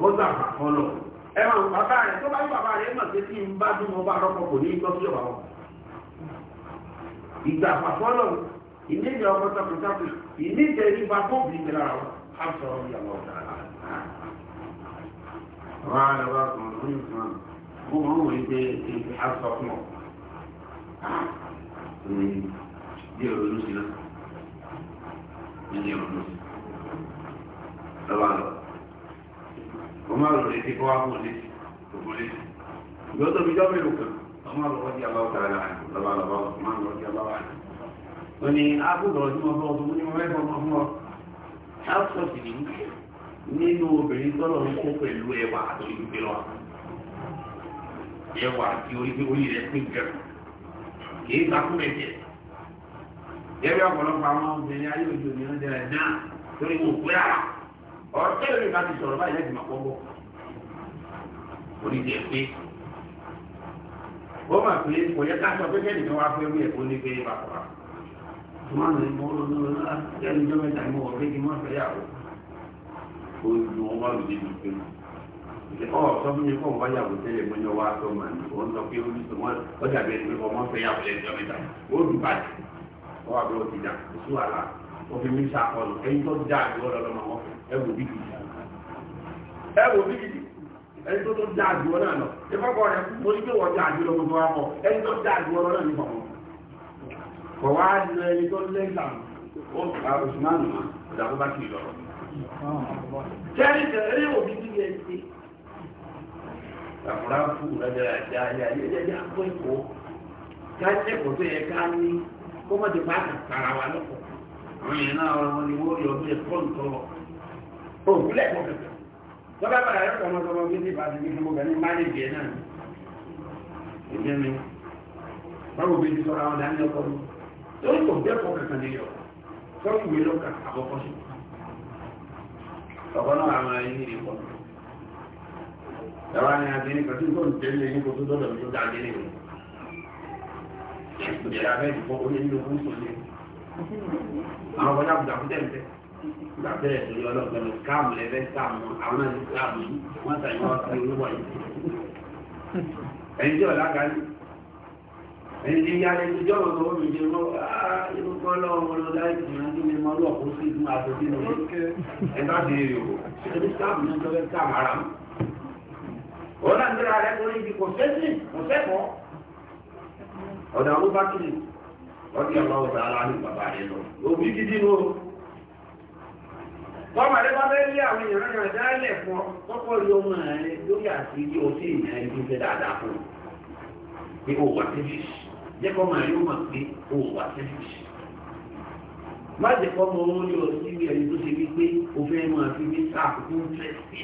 ó zàkà kọlọ ẹ máa ń bàbá rẹ tó bá yí bàbá rẹ mọ̀ pé tí ń bá dún ọba àrọ́pọ̀ kò ní í gbọ́ sí ọ̀bà wọn. ìgbà àpapọ̀lọ̀ ìníjẹ ọkọ̀ takuntakun ìníjẹ ìbá tó bì í lára wọn á sọ ọ́ yàrá ọ̀dà wọ́n á lọ bá kàn lóyún fún wa mo máa ń wòye pé èyí á fún ọ bí ọ̀rọ̀ ló sí náà ní ọ̀rọ̀ ló sí lọ́wọ́ ọmọ àrùn lè ti kọ́ wá fún létí òkú létí ìgbọ́ tó fi jọ́ mélòó kan ọmọ àrùn wọ́n ti aláwọ̀ tààrà láàrin lọ́wọ́ lọ́wọ́ ọmọ àrùn wọ́n ti aláwọ̀ àrùn wọ́n ni ábùdọ̀rọ̀ tí wọ́n fọ́ ọdún ní wọ́n mẹ́fọ́ ọmọ fún ọ áṣọ́ọ̀tì ní nínú obìnrin tọ́lọ̀ ń kó pẹ̀lú ẹwà àti ìgbé lọ ẹwà àti orí orí rẹ̀ pín jẹ kì í takú mẹ́jẹ gẹ́gẹ́ ọ̀pọ̀lọpọ̀ àwọn obìnrin ayé òjò ní ọjà ẹ̀ náà torí wọn ò pé àrà ọ̀rọ̀ tẹ́lẹ̀ mi bá ti sọ̀rọ̀ báyìí lẹ́sìn máa pọ́nbọ́ oríṣi pé ó mà pé kò yẹ ká sọ pé kẹ́ni kan wá pé wí kó ní pé bàbá máa ya bọ́ lọ́dún lẹ́nu ìjọ mẹ́ta ni mo pé kí n fẹ́ yàwó ó ju wọn pé ọ sọ fún mi yàwó sọ pé wọn pé fẹ́ yàwó mẹ́ta ó dùn bàjẹ́ ọ òfin mi ṣàkọlù ẹni tó dá àdúgbò lọ́lọ́mọ wọn ẹwù bíbí ẹwù bíbí ẹni tó tó dá àdúgbò náà lọ ìfọkọ rẹ mo ní pé wọ́n dá àdúgbò gbogbo wa pọ̀ ẹni tó dá àdúgbò lọ́lọ́ ní bọ̀ wọn. kò wá lọ ẹni tó lẹ́sà ó gba oṣù máa nù máa ọ̀dà bó bá kì í lọ. kẹ́rì kẹ́rì òbí bíbí ẹ ti. àfúrá fún ìrẹ́jẹ àti ayé ayé ẹ̀jẹ̀ àpò ẹ̀kọ́ ká ẹ̀kọ́ tó yẹ ká ní kó mọ̀ àwọn èèyàn náà ọ̀rọ̀ wọn ni wọ́n yọ bí ẹ̀kọ́ ìtọ́wọ̀ òkúlẹ̀ kọ̀ọ̀kẹ̀ lọ́gbà padà yóò kọ̀ ọmọdé ọmọdé ní ìbáṣe ní gbogbo ẹni máàlìjì ẹ̀ náà ẹ̀jẹ̀ mi báwo bí ti sọ́ra àwọn dání ọkọ̀ mi tó ń kò bẹ́ẹ̀kọ́ kankan ní yọ sọ́kù wé lọ́kà àkọ́kọ́ sí ọ̀kọ́ náà àwọn ẹni ní ìkọ́ ẹ̀rọ ni àti nìkan tí kò tó dọ́dọ̀ mi tó dáa dé nìkan ìpìlẹ̀ abẹ́ ìfọ́ onílùkù sọ̀lẹ̀ àwọn ọmọdé àbùdá àbùdá ẹ̀fẹ́ ìgbà bẹ̀rẹ̀ torí ọlọ́gbẹ̀rẹ̀ káàmù lẹ́fẹ́ káàmù àwọn náà ti káàmù yìí wọ́n tà yín wá sí olúwọ̀ yìí ẹ̀yìn tí ọ̀la ga ní ẹ̀yìn tí ya lẹ́nu tí ọ̀rọ̀ ah, lọ́wọ́ mi jẹ́ lọ́wọ́ irúkọ lọ́wọ́ lọ láì tì máa ń dín mi mọ́ lọ́wọ́ kó sí fún aṣojú mi ẹ bá ti rí o ẹni káàmù náà tọ́lẹ̀ káàmù ara mi. ọ̀la ń gbéra rẹ̀ kó ní ibi kò fẹ́ sí kò fẹ́ kọ́ ọ̀dà ó bá kiri ọdí ọlọ́wọ́ tàà láàrin bàbá rẹ̀ lọ. Òbí gidi ló. Wọ́n máa lẹ́gbàá bẹ́ẹ̀ lé àwọn èèyàn náà dálẹ̀ fún ọ, tọ́pọ̀ yóò mọ̀ ẹ́ lórí àti ilé ọtí ìyẹn ibi o wà tífìs. Jẹ́ kọ́ máa o wà tífìs. Má jẹ́ kọ́ mọ owó ní ọtí ìwé ẹni tó ṣe wípé o fẹ́ máa fi ní sáà kúkú fẹ́ sí.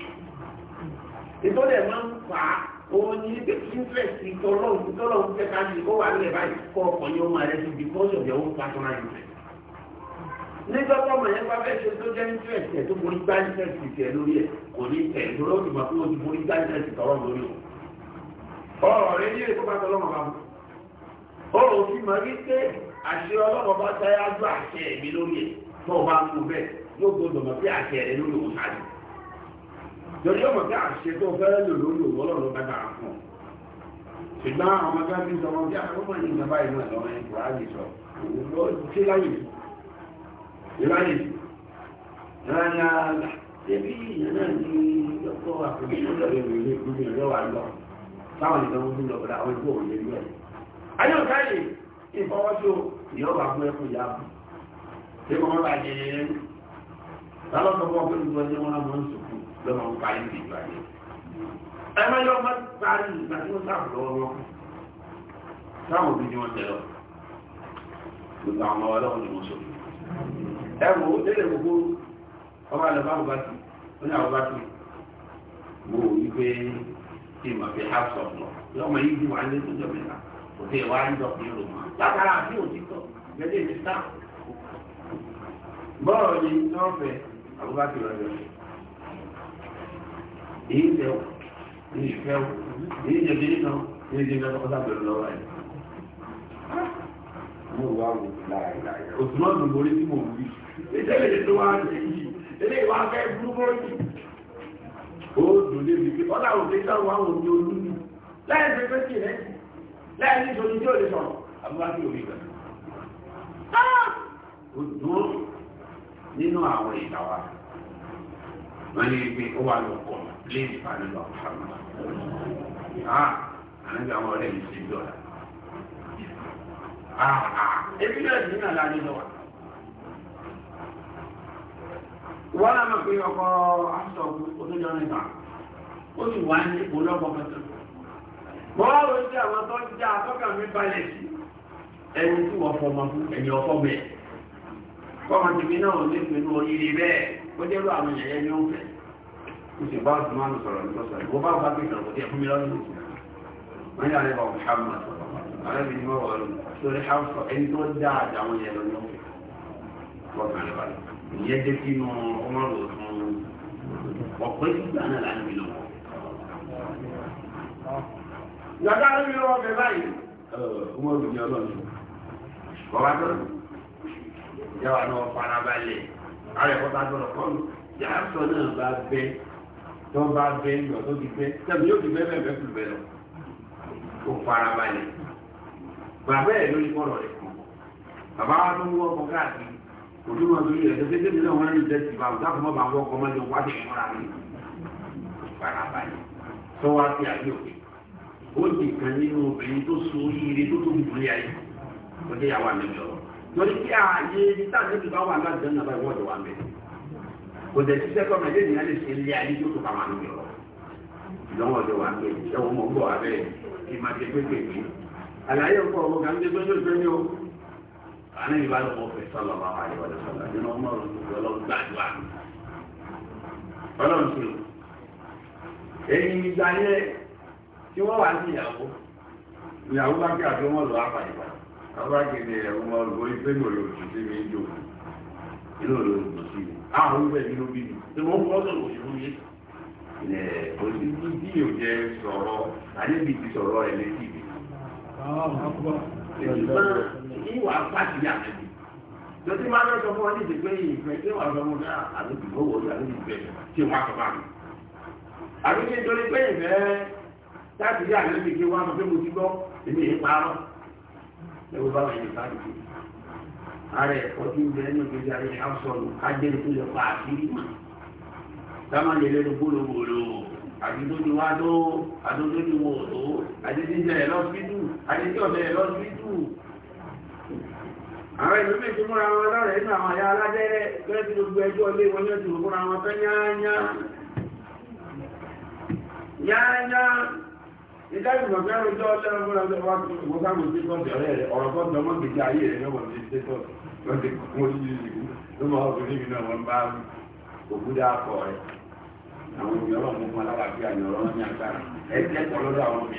Ìtọ́lẹ̀ máa ń fà òun ni pé interest tọlọ́hún tọlọ́hún fẹ́ ká ní kó wà nílẹ̀ báyìí kọ́ ọkọ̀ yóò máa rẹ̀ sí because of your own personal interest. nígbà tó ọmọ yẹn bá fẹ́ ṣe tó jẹ́ interest ẹ̀ tó borí gbá interest tẹ̀ lórí ẹ̀ kò ní tẹ̀ lórí ọdún mọ̀ pé o ti borí gbá interest tọrọ lórí o. ọ̀rọ̀ rẹ ní èkó bá tọlọ́mọ bá mu. ọ̀rọ̀ òfin máa rí pé àṣẹ ọlọ́mọ torí ọmọ tí àṣẹ tó fẹ́ lò lórí òwò ọlọ́run bá dára fún un ṣùgbọ́n àwọn ọmọ tí wọ́n fi ń sọ wọn bí àwọn ọmọ yìí ìjọba ìlú ẹ̀lọ́ ẹ̀ kò ráyè sọ òwò ṣé láyè ìláyè rárá ẹbí ìyẹn náà ní ọkọ̀ àpòjù lọ́dọ̀ ìròyìn ìgbìmọ̀ lọ́wọ́ àlọ́ táwọn ìjọba ń lọ bọ̀dá àwọn ìgbò òun lè lọ ayé òkáyè ìfọwọ́sọ ìyọ́bà fún ẹkùn ìyá bù ṣé wọ́n ló máa ń parí ní ìgbà ẹ máa yọ ọmọ parí ìgbà tí wọ́n sáà lọ́wọ́ wọn táwọn òbí ni wọ́n tẹ lọ gbogbo àwọn ọmọ ọlọ́run ni wọ́n sọ. ẹ wo délé gbogbo ọba lọ bá bàbá tù ó ní àwọn bá tù mo ò ní pé kí n máa fi house of law lọ́mọ yìí bí wàá ní tó jọ mi náà kò tẹ̀ wá ń dọ̀kun lò mọ́ látara àbí òtítọ́ gbẹ́dẹ́ mi sá bọ́ọ̀lù ní wọ́n fẹ́ àbúkà lọ́jọ́ yìí èyí tẹ́ ní ìfẹ́ èyí jẹ́ bíi náà ní ìdí mẹ́ta kọ́sá bẹ̀rẹ̀ lọ́wọ́ ẹ̀. mo wá wò láìláì òtún náà dùn borí tí mo wù yìí ìtẹ́lẹ̀ yìí tó wá ń ṣe yìí ilé ìwà akẹ́ dúró yìí. ó dùn débi pé ọ̀là òde sáwọn àwọn òde olú mi láì ṣe pé kí rẹ̀ láì ní ìṣòro tí ò lè sọ̀rọ̀ àbúrò àti òbí rẹ̀. ó dùn nínú àwọn ìdáwà wọ́n ní pé ó wà lọ kọ̀ léèdì fanilọ Muhammad ah ànágbé àwọn ọ̀rẹ́ mi ti dọ̀la ah ah ebi náà ti ní àlá nínú wa. wọ́n náà mọ̀ pé ọkọ̀ aṣọ oníjọ́ níta ó sì wá ní ipò lọ́pọ̀ pẹ̀tẹ̀. bọ́ọ̀lù sí àwọn tó já atọ́kà mi balẹ̀ sí ẹni tí wọ́n fọmọ fún ẹ̀yìn ọ̀fọ́ bẹ́ẹ̀ kọ́mọ náà ò ní pinnu oríire bẹ́ẹ̀ ó jẹ́ lọ àwọn ìyẹn ní oúnjẹ ó sì bá ọ̀sùn máa ń sọ̀rọ̀ ní ọ̀sán ìwọ bá bá pé ìtàn kò tẹ́ fún mi lọ́nà wọ́n yà lẹ́bàá Muhammad alẹ́bí ni wọ́n wọ̀ lọ sórí hausa ẹni tó dá àtàwọn ìyẹn lọ ní oúnjẹ wọ́n kàn lẹ́bàá ìyẹn jẹ́ kí inú ọmọ rò fún ọ̀pẹ́ ìgbà náà láti mi lọ́wọ́. yàtọ̀ àlejò lọ́wọ́ bẹ̀ báyìí ọmọ rò ní ọlọ́run bàbá tó yà wà náà farabalẹ̀ ààrẹ ọ̀tá gbọ́dọ̀ kọ́ mi tí aṣọ náà bá bẹ tó bá bẹ ní ọ̀tọ́ ti bẹ tẹ̀mí yóò ti bẹ bẹ́ẹ̀ bẹ́ẹ̀ kùlù bẹ́ẹ̀ lọ kó farabalẹ̀ bàbá ẹ̀ lórí kọ́rọ̀ rẹ̀ bàbá wa tó ń wọ́ ọkọ̀ káàkiri kò tó máa torí rẹ̀ tó fẹ́ tẹ́mi náà wọ́n rí jẹ́sì bá òun láti mọ́ bá wọ́ ọkọ̀ máa jọ wáṣẹ̀ ìmúra mi farabalẹ̀ tó wá sí àbí òkè ó di kan nínú obìnrin tó so oríire tó tóbi jùlẹ̀ ayé torí kí ààyè ibi táwọn ẹbí bá wà láti dáná bá ìwọ́dọ̀ wa mẹ́ kò dẹ̀ ṣiṣẹ́ kọ́ mẹ́lẹ́ nìyẹn lè ṣe ilé ayé tó tó kàwọn àmì lọ lọ́wọ́ ọ̀dọ̀ wa mẹ́ ẹ̀wọ̀n mọ̀ gbọ́ abẹ́ kí máa ṣe pé pèpè àlàyé ọkọ̀ ọmọ kan ṣe pé yóò ní o àná ìbá ló mọ̀ fẹ́ sọ́lọ̀ bá wà ìwọ́dọ̀ sọ́lọ̀ nínú ọmọ ọlọ́run gbàdúrà ọlọ́run abákejì ẹ̀rọ máa lọ ife mi sí mi ń jò inú ò sí àwọn ìgbẹ́ mi ah, ló bí mi tí wọ́n fọ́ sọ̀rọ̀ òṣèlú yé ẹ̀ òsì ní bí yóò jẹ sọ̀rọ̀ àdébì ti sọ̀rọ̀ ẹ̀ létí mi. ìwà pàṣẹ àmì lọ́sí máa lọ́ sọ fún wọn ní ìdìgbẹ́ ìfẹ́ tí wọ́n sọ fún wọn àdébì lówó àdébì ìfẹ́ tí wọ́n sọ fún wọn. àbíkí nítorí ẹwọ́ bá wà ní báńkì ààrẹ ẹ̀kọ́ tí ń bẹ nínú ìgbésí ayé ṣáṣọ́nù kájẹ́rì tó lè pa àṣírí táwọn lè lẹ́nu gbólógbòlò àdídóni wá ló àdídóni wò ló àdídíjẹ ẹ̀ lọ́sídù àdídíọ̀dẹ ẹ̀ lọ́sídù. àwọn ìlú méjì tó múra wọn lọ́rẹ̀ nínú àwọn àyà alájẹ́rẹ́ fẹ́ẹ́ ti gbogbo ẹjọ́ ilé wọn yóò ti múra wọn tán yáyá. yáyá ìdájú màmí àròjọ ọlẹ́rọ múra ọjọ́ wa tó wọ́n sáwọn ìdí tọ́jú ọ̀rẹ́ rẹ̀ ọ̀rọ̀ tó dánmọ́ gbèjì ayé rẹ̀ lọ́wọ́ ní ìdí tọ́jú wọ́n ti kọ́ wọ́n ti ló máa wọ́n fi náà wọ́n bá òkú akọ rẹ̀ àwọn ìyá ọlọ́run mú fún alábàáfíà ní ọ̀rọ̀ ní agbára ẹ jẹ́ kọ́ lọ́dọ̀ àwọn mi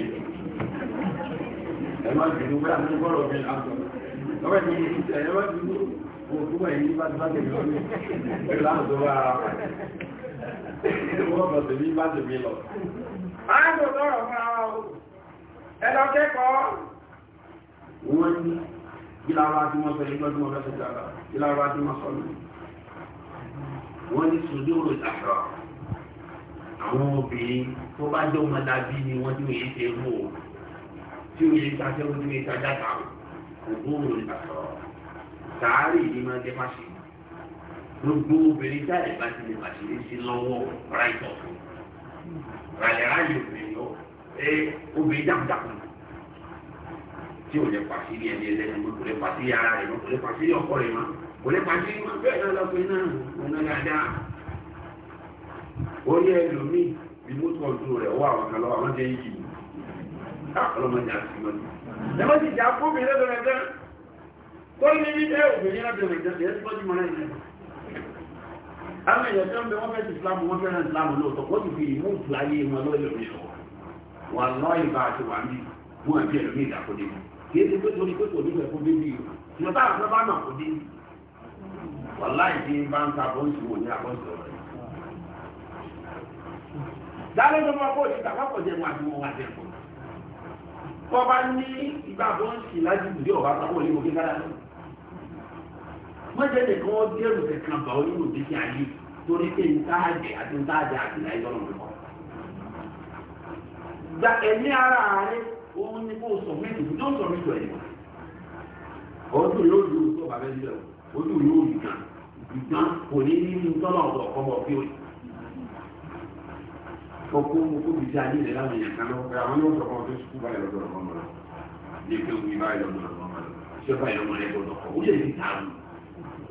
ẹ má bínú bá mi gbọ́dọ̀ mi lásán lọ́wọ́ ẹ̀ ní ìṣẹ̀ ẹ má bínú òkú ẹ̀ yí bá ti bá lọ àádọ́ lọ́rọ̀ fún ara o ẹlọ kẹ́kọ̀ọ́ wọ́n ní ìlàwà tí wọ́n fẹ́ ìgbọ́dún ọ̀rẹ́ fẹ́ dára ìlàwà tí wọ́n sọ́nà wọ́n ní sùdúrù ìdàrọ̀ àwọn obìnrin tó bá jẹ́ ọmọ dàbí ni wọ́n tí wọ́n ṣe mú o tí wọ́n ṣe tàṣẹ wọ́n tí wọ́n ṣe àjáta ògbóòrò ìdàrọ̀ sàárì yìí máa jẹ́ máṣe gbogbo obìnrin táyà bá ti lè máṣe lé sí lọ́wọ́ ràlẹ̀ ráyè obìnrin lọ ẹ obìnrin dàkúdàkùn tí ò lè pàṣẹ ní ẹni ẹlẹ́ni mọ́ kò lè pàṣẹ ara rẹ̀ mọ́ kò lè pàṣẹ ọkọ rẹ̀ mọ́ kò lè pàṣẹ mọ́ bẹ́ẹ̀ náà lọ́pẹ́ náà ọ̀nà dáadáa ó yẹ ẹlòmíì remote control rẹ̀ wà àwọn kan àwọn jẹ́ yìí ọlọ́mọdé àti mọ́ni. ẹ̀mọ́ ti jà fún mi lẹ́dọ̀rẹ̀ gan-an tó ní ní ẹ̀ òbí àwọn èèyàn tó ń bẹ wọ́n fẹ́ ti fúlàmù wọ́n fẹ́ràn ìsìlámù lóòótọ́ wọ́n ti fi ìmú ìfúláyé wọn lọ́yọ̀ mi sọ̀rọ̀ wà lọ́yìn bá a ti wà mí mú ẹ̀bí ẹ̀rọ mi ìdàkọ́ débi kí é ti pé torí pé kò ní ìfẹ́ fún débi ìwọ̀n tá àfẹ́ bá nà kó débi wà láì fi bá ń ta bọ́ ìṣòwò ní àkọ́sí ọ̀rẹ́ dáre tó máa kó ìta wá pọ̀jẹ́ wọn àti wọn wá jẹ́ pọ̀ bọ́ bá ní ìgbà bọ́ ń sì lájú ìdí ọ̀bá mọ́jẹ́lẹ̀ kan wọ́n bí ẹ̀rù kẹ̀kan bá ọ nínú ìgbésí ayé torí pé ń tá àjẹ àti ń tá àjẹ àti ìlà ìlọ́nà lọ́kọ̀. gba ẹ̀mí ara rẹ òun ni kó sọ méjì tó sọ méjì ẹ̀yìn. ọdún yóò lu tó bàbá ẹni lẹ́wọ̀ ojú yóò lù gan ìgbọ́n kò ní ní ní tọ́lá ọ̀dọ̀ ọ̀kọ́ bọ̀ fí òyìn. ọkọ ọkọ bìí ayé rẹ láwọn èèyàn kan lọ́wọ́ àwọn yóò sọ fún ọ báyìí lọ́dọ̀ ọ̀rọ̀ mọ́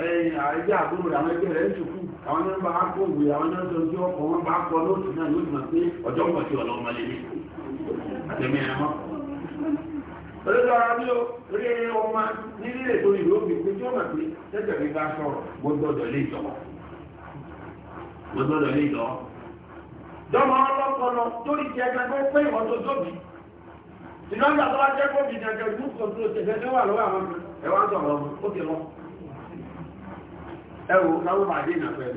ẹ̀yìn àìjẹ́ àbúrò rẹ̀ àwọn ẹgbẹ́ rẹ̀ ń ṣùkú àwọn ẹgbẹ́ bá kó òwe àwọn ẹgbẹ́ tó ń tí ọkọ̀ wọn bá kọ lóòtù náà yóò mọ̀ pé ọjọ́ pọ̀ sí ọ̀lọ́ ọmọlé mi àtẹ̀mí ẹ̀ mọ́. olùdókòwò àbí o rí ọmọ nílé ètò ìlú òbí pé tí ó mọ̀ pé tẹ́tẹ̀ mi bá sọ̀rọ̀ mo gbọ́dọ̀ lé ìjọ mo gbọ́dọ̀ lé ìjọ. dọ́mọ ọlọ́pọlọ torí ti ẹgbẹ́ tó pé ìwọ́n tó tóbi ìdánwò àtọ́wájẹ́ kó bìnnà kẹ́kọ̀ọ́ tó ẹwù káwọ́ máa dé ìnàfẹ́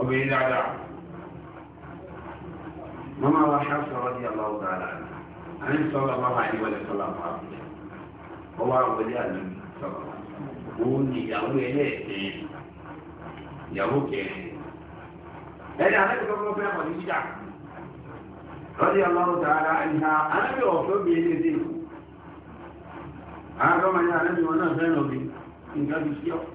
obìnrin dáadáa mọ́má wa ṣáṣọ́ rọ́dí aláwọ̀ dáadáa àní sọ́lọ́ bá máa ní wọlé sọ́lá máa ọ wá wọlé àná sọ́lọ́ òun ni ìyàwó ẹlẹ́ẹ̀kẹ́ ìyàwó kẹrin ẹni àná ìjọba ọmọ fẹ́ mọ̀ ní jíjà rọ́dí aláwọ̀ dáadáa ìhà àná bí ọ̀fẹ́ obìnrin lè dé àwọn akọ́mọ yẹn àná wọn náà fẹ́ràn obìnrin nǹkan bí sí ọ̀fẹ́.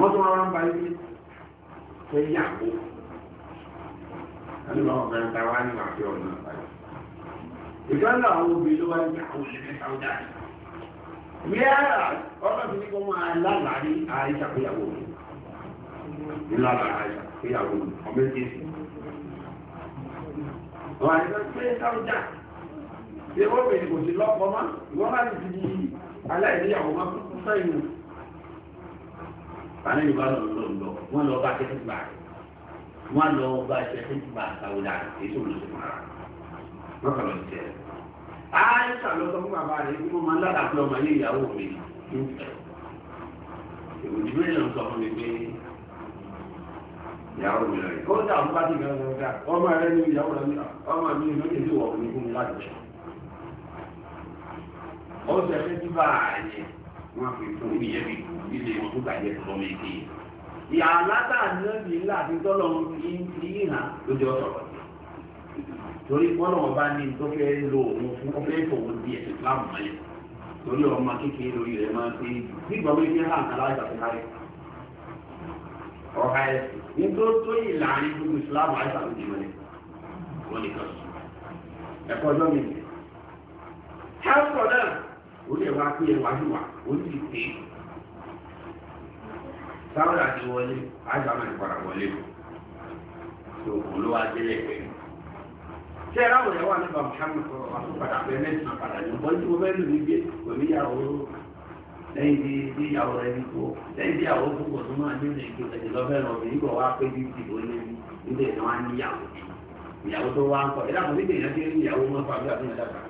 wọ́n tún rọrùn bá yí fẹ́yàwó ẹnìmọ̀ ọ̀gbẹ́ni tàwa ní àfẹ́ ọ̀nà àbáyé ìgbọ́nà àwọn obìnrin ló wá ní àwọn òṣèré sáúdà wíyára ọ̀rọ̀ mi ní kó máa lálàá ní àìsà fẹ́yàwó mi ìlànà àìsà fẹ́yàwó mi ọmọ ẹgbẹ́ sí wọ́n àìsà pé sáúdà ṣé wọ́n bẹ̀rẹ̀ kò sí lọ́pọ̀ mọ́ ìwọ́n láti di aláìníyàwó mọ́ fún sẹ́yìn àná yorùbá lọ lọ lọ wọn lọ bá tẹsí gbà wọn lọ bá tẹsí gbà àwòdà mara wọn kà lọ sí ẹ. àìsà lọ sọ fún bàbá rẹ kí wọn máa ń lára pé ọmọ ilé ìyàwó mi ń fẹ́ òdìbò yẹn lọ sọ fún mi pé ìyàwó mi lọ yìí. kódà àwọn bá ti gbà wọn gbà ọmọ rẹ ní ìyàwó rẹ ọmọ mi ní ìlú ìwọ̀ òní fún mi wọ́n wọn tó bá ní tó fẹ́ lo òun fún ọ fẹ́ fòun ẹ̀sìn láàmú mọ́lẹ̀. torí ọmọ kékeré lórí rẹ̀ máa pé nígbà wọ́n fi hàn kálá ìtàkùnkárẹ̀. ọ̀ka ẹ̀sìn nítorí tó yìí láàrin gbogbo ìsìláàmù àìsàn orí ẹ̀wà pé ẹwà yìí wà ó sì sáwọ́dà ti wọlé ágbàmọ̀ ìpadà wọlé tó kò ló wá délé pé ṣé ẹ̀ráwọ̀ ẹ̀wà nípa Muhammad sọ̀rọ̀ wà padà bẹ́ẹ̀ mẹ́sàn-án padà ní ọ̀pọ̀ nítorí bẹ́ẹ̀ lù mí pẹ̀lú ìyàwó lẹ́yìn tí ìyàwó rẹ̀ ní kó lẹ́yìn tí ìyàwó fún kò tó máa ní ilé ìjọ ẹ̀jẹ̀ lọ́fẹ́ lọ bí nígbà wá pé bí ti wọlé nílé ìjọ wá ní ìyàwó ìyàwó tó wá ń kọ ìdàpọ̀ nígbà ìyàwó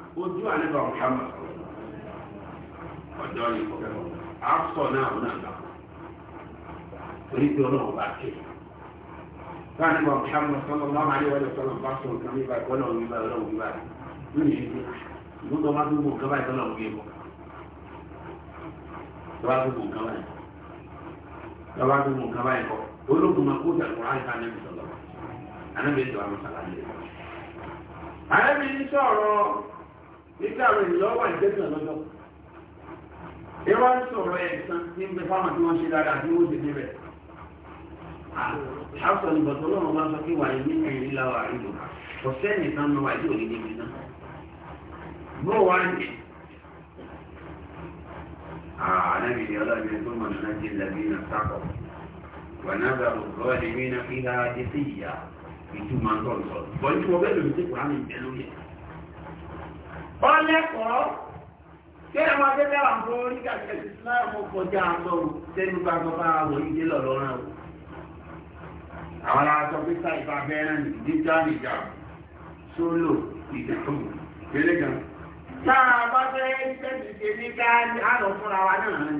ojú àlebà Muhammad ọjọ́ yìí àpọ̀ náà wọn náà gbà torí pé ọlọ́run bá ké báyìí Muhammad sọlọ bá máa léwájú sọlọ bá sọ nǹkan mi báyìí ọlọ́run mi báyìí ọlọ́run mi báyìí lónìí yìí ìlú tó bá gbogbo nǹkan báyìí ọlọ́run mi bọ̀ tó bá gbogbo nǹkan báyìí tó bá gbogbo nǹkan báyìí bọ̀ ológun máa kó ìjàkùn àìsàn ní ìsọlọ anábìyẹn tó wà ní sàlàyé. anábìyẹn sọ̀rọ̀ nígbà àwọn ènìyàn wà ní tẹ́sán lọ́jọ́ ìwà ń sọ̀rọ̀ ẹ̀sán ní ń bẹ fáwọn tí wọ́n ṣe dáadáa tí wọ́n ṣe ní rẹ̀ àṣọ ìbọ̀tọ̀ lọ́rùn bá sọ pé wà ní ẹ̀yìn láwà ìlú kò sẹ́yìn kan náà wà yóò nílé mi náà bó wà ní ààrẹ́bì ni tó mọ̀ náà jẹ́ lẹ́bí ọlẹ́kọ̀ọ́ kí àwọn akẹ́kẹ́ wà fún orí kàkẹ́ ìsìláàmù kọjá àtọ̀ sẹ́nu gbàgbọ́ bá wọ̀ ìdí lọ́rọ̀ náà àwọn aṣọ pípa ìfà bẹ́ẹ̀rẹ̀ ní jíjá nìjà sólò ìdáhùn pélé kan. táà bá fẹ́ iṣẹ́ tètè ní ká àlọ́ wa náà ni.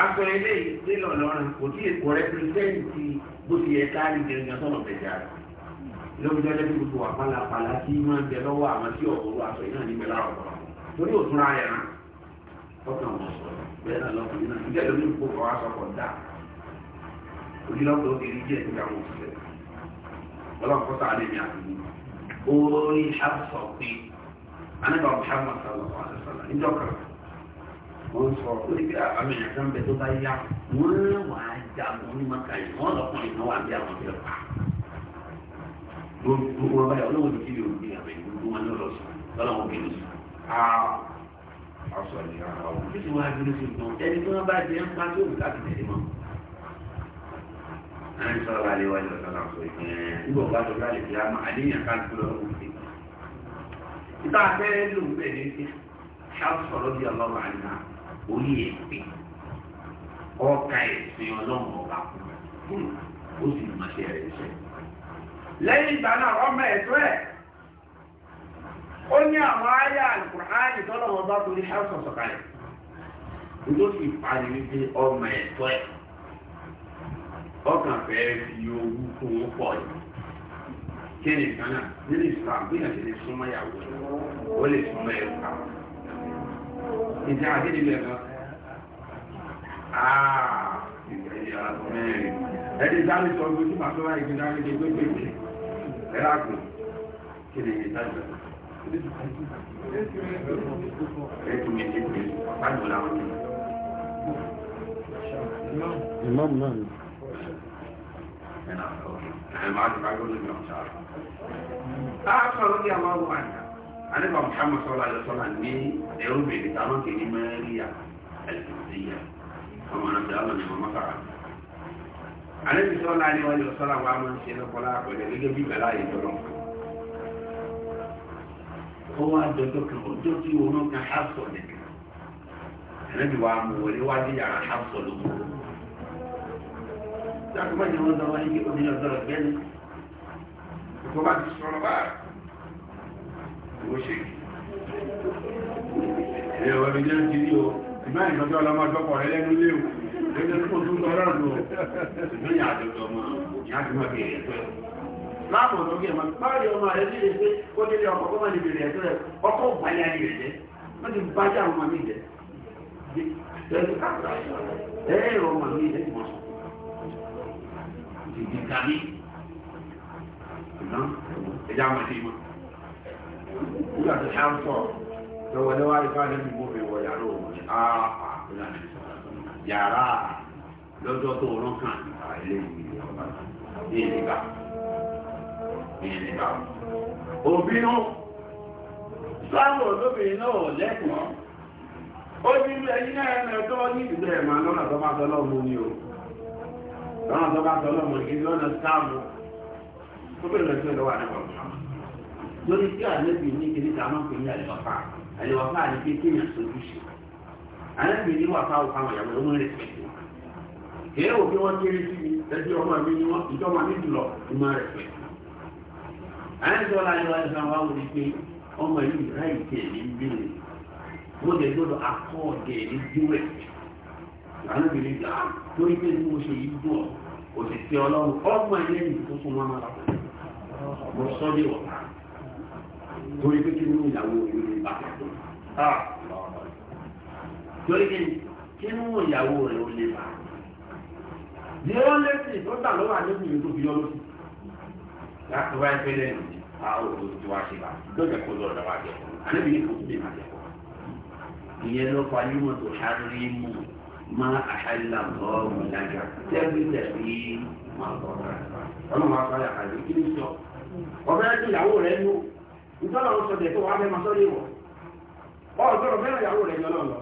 aṣọ eléyìí dé lọ́rọ̀ kò tí èkó rẹ́pírẹ́sẹ́ǹtì bó ti yẹ ká ní gẹ̀ẹ́gẹ́ sọ̀rọ̀ lórí jẹ́jẹ́ bí gbogbo àpàlàpàlà tí máa ń bẹ lọ́wọ́ àwọn tí ọ̀rọ̀ àṣọ yìí náà níbẹ̀ láàrọ̀ kọ̀ọ̀kan torí òtún ra yẹn náà tọ́kàn wọn bẹ́ẹ̀ náà lọ́kùnrin náà ìjẹ́ lórí gbogbo àwọn aṣọ kọ̀ dà onílọ́pọ̀ obìnrin jẹ́ ìgbà wọn fẹ́ ọlọ́pọ̀tà àlẹ́mí àtìmí orí ṣàṣọ pé anábà Muhammad sallallahu alaihi wasallam níjọ́ kan wọ́n sọ ó ní pé àmì ìyàtọ̀ ń bẹ tó bá yá wọ́n wà á jà wọ́n ní maka yìí wọ́n lọ́kùnrin náà wà bí àwọn ìjọba gbogbo wọn báyìí olówó ti kiri òbí àbẹ gbogbo wọn lọ sọ lọ́nà wọn kiri sọ aa ọsọ ni ara wọn títí wọn adúlé sí ìtàn ẹni tí wọn bá jẹ ń pa tó nǹkan ti tẹ̀lé mọ́. a ń sọ̀rọ̀ alẹ́ wájú ọ̀sán náà sọ ìpín ẹ̀ nígbà wàá tó lálẹ́ fi àmọ́ àdéhùn ká tó lọ́wọ́ òfin. ìta afẹ́rẹ́ ló ń bẹ̀ ní sí ṣàtúnṣọ̀rọ̀ bí ọlọ́wọ́ àná lẹ́yìn ìgbà náà ọmọ ẹ̀tọ́ ẹ̀ ó ní àwọn ayé alùpùránì tọ́lọ̀wọ́ bá torí house of sọ̀kalẹ̀ tó sì parí wípé ọmọ ẹ̀tọ́ ẹ̀ ọkàn fẹ́ fi owó kó wọ́n pọ̀ yìí kí ni kan náà nínú islam bí yàtí lè súnmọ́ ìyàwó ó lè súnmọ́ ẹ̀rù ká ìjà àdéhùn ilẹ̀ kan àà ìgbà ìyàrá mẹ́rin ẹni dárí sọ gbé tí màá tó wáyé gbé dárí gbé gbé هيعجبه كده يتنزل الإمام مالك عائشة رضي الله عنها عن ابن محمد صلى الله عليه وسلم مين يوم بيتعامل كلمة رياء الفردية كما نبدأ من المطعم àlejò sọ́lá ní wọ́n yóò sọ́lá wa máa ń ṣe lọ́pọ̀lá àpẹẹrẹ gẹ́gẹ́ bí bẹ̀rẹ̀ àyè tọ́lọ́ ó wá dọ́jọ́ kan ọjọ́ tí òun kan hásọ̀ nìkan àlejò wa mú wọlé wá dé yàrá hásọ̀ lóko dákúmọ̀ ni wọ́n dọ́wọ́ yíké omi ọ̀dọ́ ọ̀gbẹ́ni kó bá ti sọ̀rọ̀ bá wọ́n ṣe ẹ̀rọ ẹ̀rọ ìjẹun ti rí o ìgbà ìtọ́jú ọlọ́mọdé ọkọ̀ rẹ lẹ́nu léwu láàbò tó gẹ̀ máa báyìí ọmọ rẹ̀ sí ilé pé ó délé ọkọ̀ kọ́mọ̀ ní ìbèrè ẹ̀tọ́ rẹ̀ ọkọ̀ wáyé ayé rẹ̀ jẹ́ wọ́n ti bá jẹ́ àwọn ọmọ mi jẹ́ ẹ̀rọ kàkà ẹ̀rọ ọmọ mi jẹ́ ìmọ̀sán ìdí kàmí ẹ̀dá máa ṣe mọ́ nígbà tó ṣá ń sọ lọ́wọ́lẹ́wà ipá lẹ́nu gbófin wọ̀ yàrá òun ni àà àà yàrá lọ́jọ́ tó rán kàn ilé ìwé ọba ìrìnbá ìrìnbá òbí náà sáwọn olóbìnrin náà lẹ́kùn ó ní ilé ẹ̀yìn náà ẹ̀mẹ́ tó ní ìdílé ẹ̀mà lọ́nà tó bá tọ́lọ́mù ní o lọ́nà tó bá tọ́lọ́mù ní lọ́nà sáàmù tó bẹ̀rẹ̀ lọ sí ọ̀dọ́ wà nípa lórí tí àlébì ní kìnnìkan máa pè ní àlèwàfà àlèwàfà àlèkékèèyàn sojúṣe àyẹ̀bí ni wàá fáwọn ìyàwó ẹ̀wọ̀n rẹ̀ pẹ̀lú wọn. èyí wò bí wọ́n sí mi ẹjọ́ ọmọ mi ni wọ́n ìjọba mi jùlọ ìmọ̀ rẹ̀ pẹ̀lú. àyẹ̀bí ọ̀la ìwà ìfẹ́ wa wò ni pé ọmọ yìí ráì tẹ̀ ní bíi mo lè gbọ́dọ̀ akọ́ọ̀dẹ̀ ní júwẹ̀. àyẹ̀bí ni gbà lórí pé mo ṣe yìí dùn ọ́ òṣìṣẹ́ ọlọ́run ọmọ ẹlẹ́yìn tó fún wọn máa mo sọ́ lé wọ̀ torí pé kí nínú ìyàwó ìlú ìbàdàn torí kí kí ní wọ́n ìyàwó rẹ̀ ó lè bá ní ó lé sí tó tà lọ́wọ́ àdébìnrin tó fi yọ lóṣù láti wáyé pé lẹ́nu àwọn òṣèlú ti wá ṣe bá lọ́jọ́ kó lọ́ọ́ lọ́wọ́ àjẹkù àdébìnrin kò tún lè má jẹkù ìyẹn ló fa ní mọ̀tò hárí mú má àhálà lọ́ọ̀mù lájà tẹ́gbẹ́tẹ̀bí má bọ̀ọ̀rọ̀ ọlọ́mọ akọ́lẹ̀ àkàlẹ̀ kí ni sọ ọ̀fẹ́ tí ìyàwó sọ tẹ̀ tó wàá fẹ́ máa sọ́lé wọ̀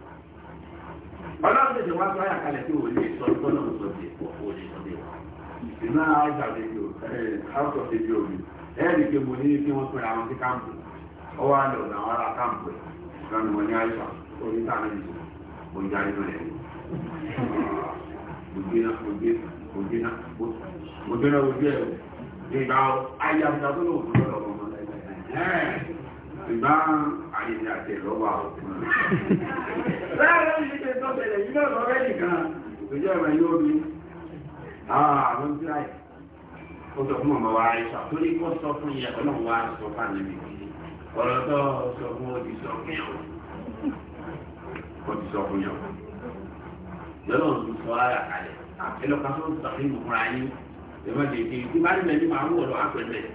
ọlọ́run tètè wá sọ́yà kalẹ̀ tí ò lè sọ gbọ́dọ̀ sọ di ò lè sọ di wa ìná àwùjọ àdéjò house of omi mo ní kí wọ́n àwọn sí káàmpù ọwọ́ ọ̀nà àwọn ará káàmpù ẹ̀ wọn ní àìsàn mo ń jáde mo gbéná mo gbéná mo gbéná mo gbéná ojú ẹ̀ o ìgbà ayé àti àtúntò òkú lọ́dọ̀ ọmọ ìgbà àyèjì àti ìlọ́wà láàrín ìṣẹ́ tó yìí náà lọ́rẹ́ nìkan ìjọ ẹ̀rẹ̀ yóò rí àwọn tí àì ó sọ fún ọmọ wa àìsà tó ní kó sọ fún ìyẹ̀ ọlọ́run wa sọ fún àlẹ́bí ọ̀rọ̀ tó sọ fún òdì sọ fún yàwó òdì sọ fún yàwó lọ́lọ́run tó sọ ara kalẹ̀ àti tó ń sàfihàn fúnra yín ìmọ̀lẹ́kì tí bá nílẹ̀ ní ń wọ̀ lọ́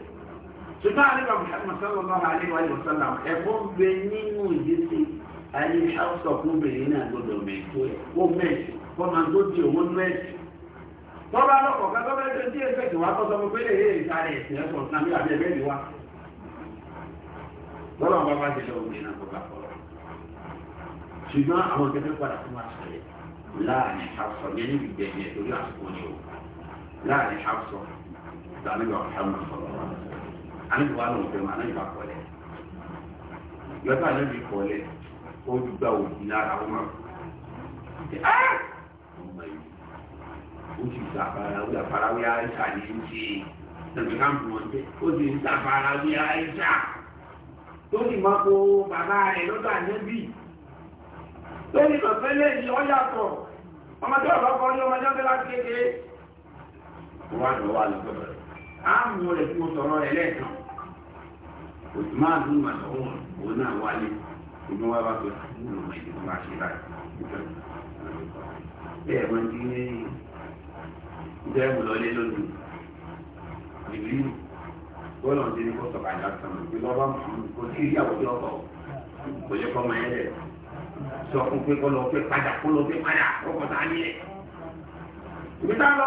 ṣùgbọ́n àlebà Muhammad sallallahu alayhi wa sallam ẹ̀fọ́n bẹ nínú ìdísí ayé ṣáwùsọ̀ fún obìnrin náà gbọdọ̀ mẹ́tò ẹ̀ kó mẹ́tì kó máa tó di owó nú ẹ̀sì. tọ́ba lọ́kọ̀ ká tọ́ba ẹgbẹ́ tí ẹgbẹ́ tí wàá tọ́ sọ pé èyí ìsáré ẹ̀sìn ẹ̀sọ̀ náà àbí ẹgbẹ́ ìwà. lọ́lọ́ bá bá jẹlé obìnrin náà kó bá ṣùgbọ́n àwọn àníbi wà lóun fẹ́ràn àníbi wà kọ́lẹ̀ yọtọ̀ àníbi kọ́lẹ̀ ó gba òjì lára ó máa ṣe á ọmọ yìí ó ti gba àfarawé àfarawé àìsà ní í ṣe nàìjíríà bù wọn jẹ ó ti ń sàfarawé àìsà tó sì máa kó bàbá rẹ̀ lọ́dọ̀ àníbi lórí ìtọ̀sẹ́lẹ̀ yìí ọ yàtọ̀ ọmọdé ọ̀bá kọ́ ní ọmọdé ọ̀bẹ́ láti kékeré wọ́n á lọ wà lọ́gbọ̀dọ̀ rẹ̀ ààrùn rẹ̀ tí mo sọ̀rọ̀ rẹ̀ lẹ́ẹ̀kan Usman ní Mas'ud òun náà wálé inú wa bá tó sàmúlò ọmọ ìdí tó bá ṣe báyìí bẹ́ẹ̀ wọ́n ti ní bẹ́ẹ̀ mo lọlé lónìí ìbílí bọ́ọ̀lù ọ̀dẹ́ ní kó sọ̀rọ̀ àjà sọ̀rọ̀ pé lọ́ba kò sí ìyàwó tí ọkọ̀ kò yẹ kọ́ máa yẹ dẹ̀ sọ fún pé kọ́ lọ pé padà kó lọ pé padà ọkọ̀ tá a ní ẹ̀ ìbí tá a lọ.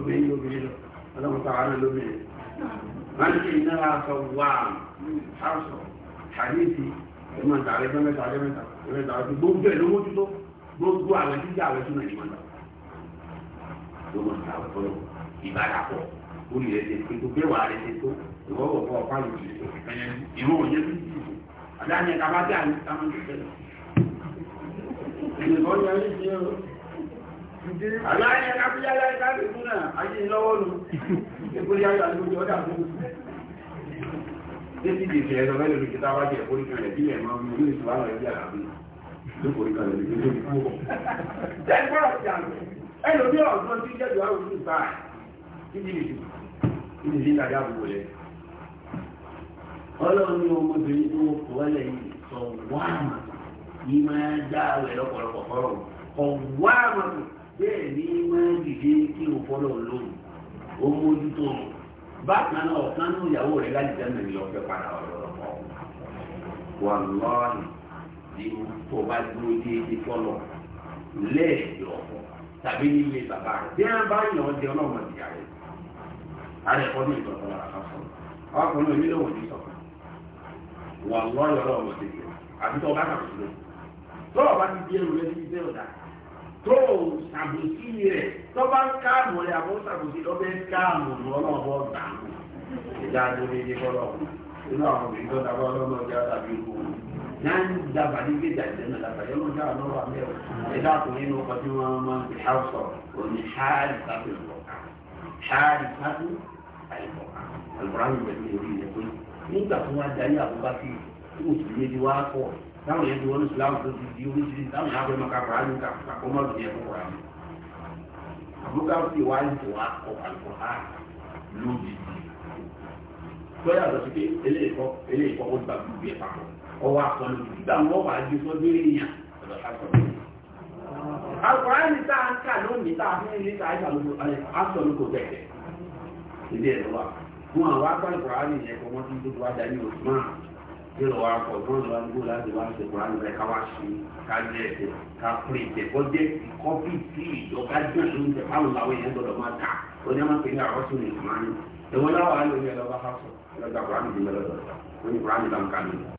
obìnrin lóbìnrin lọ ọlọ́run tó àwọn lóbìnrin máa ń ṣe iná aṣọ wà aṣọ àdéhìí ìmọ̀ ìdàrẹ́ jẹ́ mẹ́ta jẹ́ mẹ́ta ìmọ̀ ìdàrẹ́ tó gbogbo ẹ̀ ló mójú tó gbogbo àwọn títí àwẹ̀ tó náà ìmọ̀ ìdàrẹ́ tó mọ̀ ìdàrẹ́ tó ìbádàpọ̀ orí rẹ̀ ṣe pé gbogbo ẹ̀wà rẹ̀ ṣe tó ìwọ́wọ̀ fọ́ ọ̀pá lòdì ìmọ̀ òye Àláyé kápíyálá ìtàbí fún náà, ayé ìlọ́wọ́ nù, ìgbórí ayé àlúgbójú ọdá fún. Tẹ́sí ìdìtẹ̀ ẹ̀rọ mẹ́lẹ̀ lókè táwà jẹ́ ìforí kan rẹ̀ bí ẹ̀mọ́ ọmọ ìlú ìtura àwọn ẹgbẹ́ àlàbí. Lókòrí kan rẹ̀ lókè lókè fún ọkọ̀. Tẹ́gbọ́rọ̀ ti àlọ́, ẹlòmí ọ̀gbọ́n tí jẹ́ ìwà òṣù bá ìdílé ìdájá gbogbo rẹ̀. ni ọmọbìnrin tó wọ́lẹ̀ yìí sọ wáàmà ní máa dá àwẹ̀ lọ́pọ̀lọpọ̀ fọ́rọ̀. Ọ̀wáàmà tó pọ́lọ́ lóhùn ó mójú tó hùn bákan náà ọ̀kan náà ìyàwó rẹ̀ láti jẹ́ mẹ́rin ọ̀fẹ́ padà ọ̀rọ̀ kọ́ wà lọ́ọ̀nì tí tó bá dúró déédéé pọ́lọ́ lẹ́ẹ̀dọ̀ ọ̀pọ̀ tàbí nílé bàbá rẹ̀ bí wọ́n bá yàn ọ́ di ọlọ́mọ ìyá rẹ̀ alẹ́ kọ́ ní ìtọ́sọ́ lára kan sọ ọkùnrin mi lòun ní sọ̀kan wà lọ́ọ̀yọ̀ ọlọ́mọ ìyá rẹ̀ àbí tó bá kà tó ṣàbòsí rẹ̀ tó bá ń káàmù rẹ̀ àbó ṣàbòsí tó bẹ́ ń káàmù lọ́lọ́bọ̀ dàmù ìjà lórí ilé kọ́lọ̀ nínú àwọn obìnrin tó dábọ́ ọlọ́mọ ìjà tàbí ikú náà ń dábàá ní gbèjà ìdẹ́nà dábàá yọ́nà ìjà lọ́wọ́ àmì ẹ̀rọ ẹ̀dá ọkùnrin ní ọkọ̀ tí wọ́n máa ń fi háùsọ̀ òní ṣáàrì sábẹ̀ ìbọ̀ká ṣáàrì sábẹ̀ àìbọ̀ká táwọn yẹn ti wọ́n ní sùlámù tó ti di oríṣiríṣi táwọn yẹn abẹ́ maka kura ní kakọ́ mọ́ lóde ẹ̀kọ́ kura ní. àbúkà fi wá ní tó wá kọ àlùkò á lóde. lọ́yà lọ sí pé eléyìíkọ́ eléyìíkọ́ ó gbà gbogbo ẹ̀ papọ̀ ọwọ́ àkọlù nígbà wọn wà á di fún bí èèyàn lọ́dọ̀ sàkọlù. àkùrá ní tá a ń kà lónìí tá a fi ní tá a sàlù kò bẹ̀rẹ̀ ilé ẹ̀ lọ́wọ́ fún àwọn agbálùkùrá nìyẹn kọ́ wọ́n ti dúdú wá dání òṣùmá yóò wá pọ̀ bóòlù wa gbó láti wá ṣe kura níbẹ̀ ká wá ṣe ká jẹ ẹ̀sẹ̀ ká pè jẹ kó jẹ kọ́fí tí ìjọba jẹ òṣèlú jẹ báwo làwọn èèyàn gbọdọ̀ máa ta oní àwọn pèlè àrọ́sùn ní ìmọ̀ ní. ìwọ náà wà á lórí ẹlọ́ba fásọ̀ lọ́jà kura níbi mẹ́lọ́dọ̀ lórí kura níbi àǹkà mi.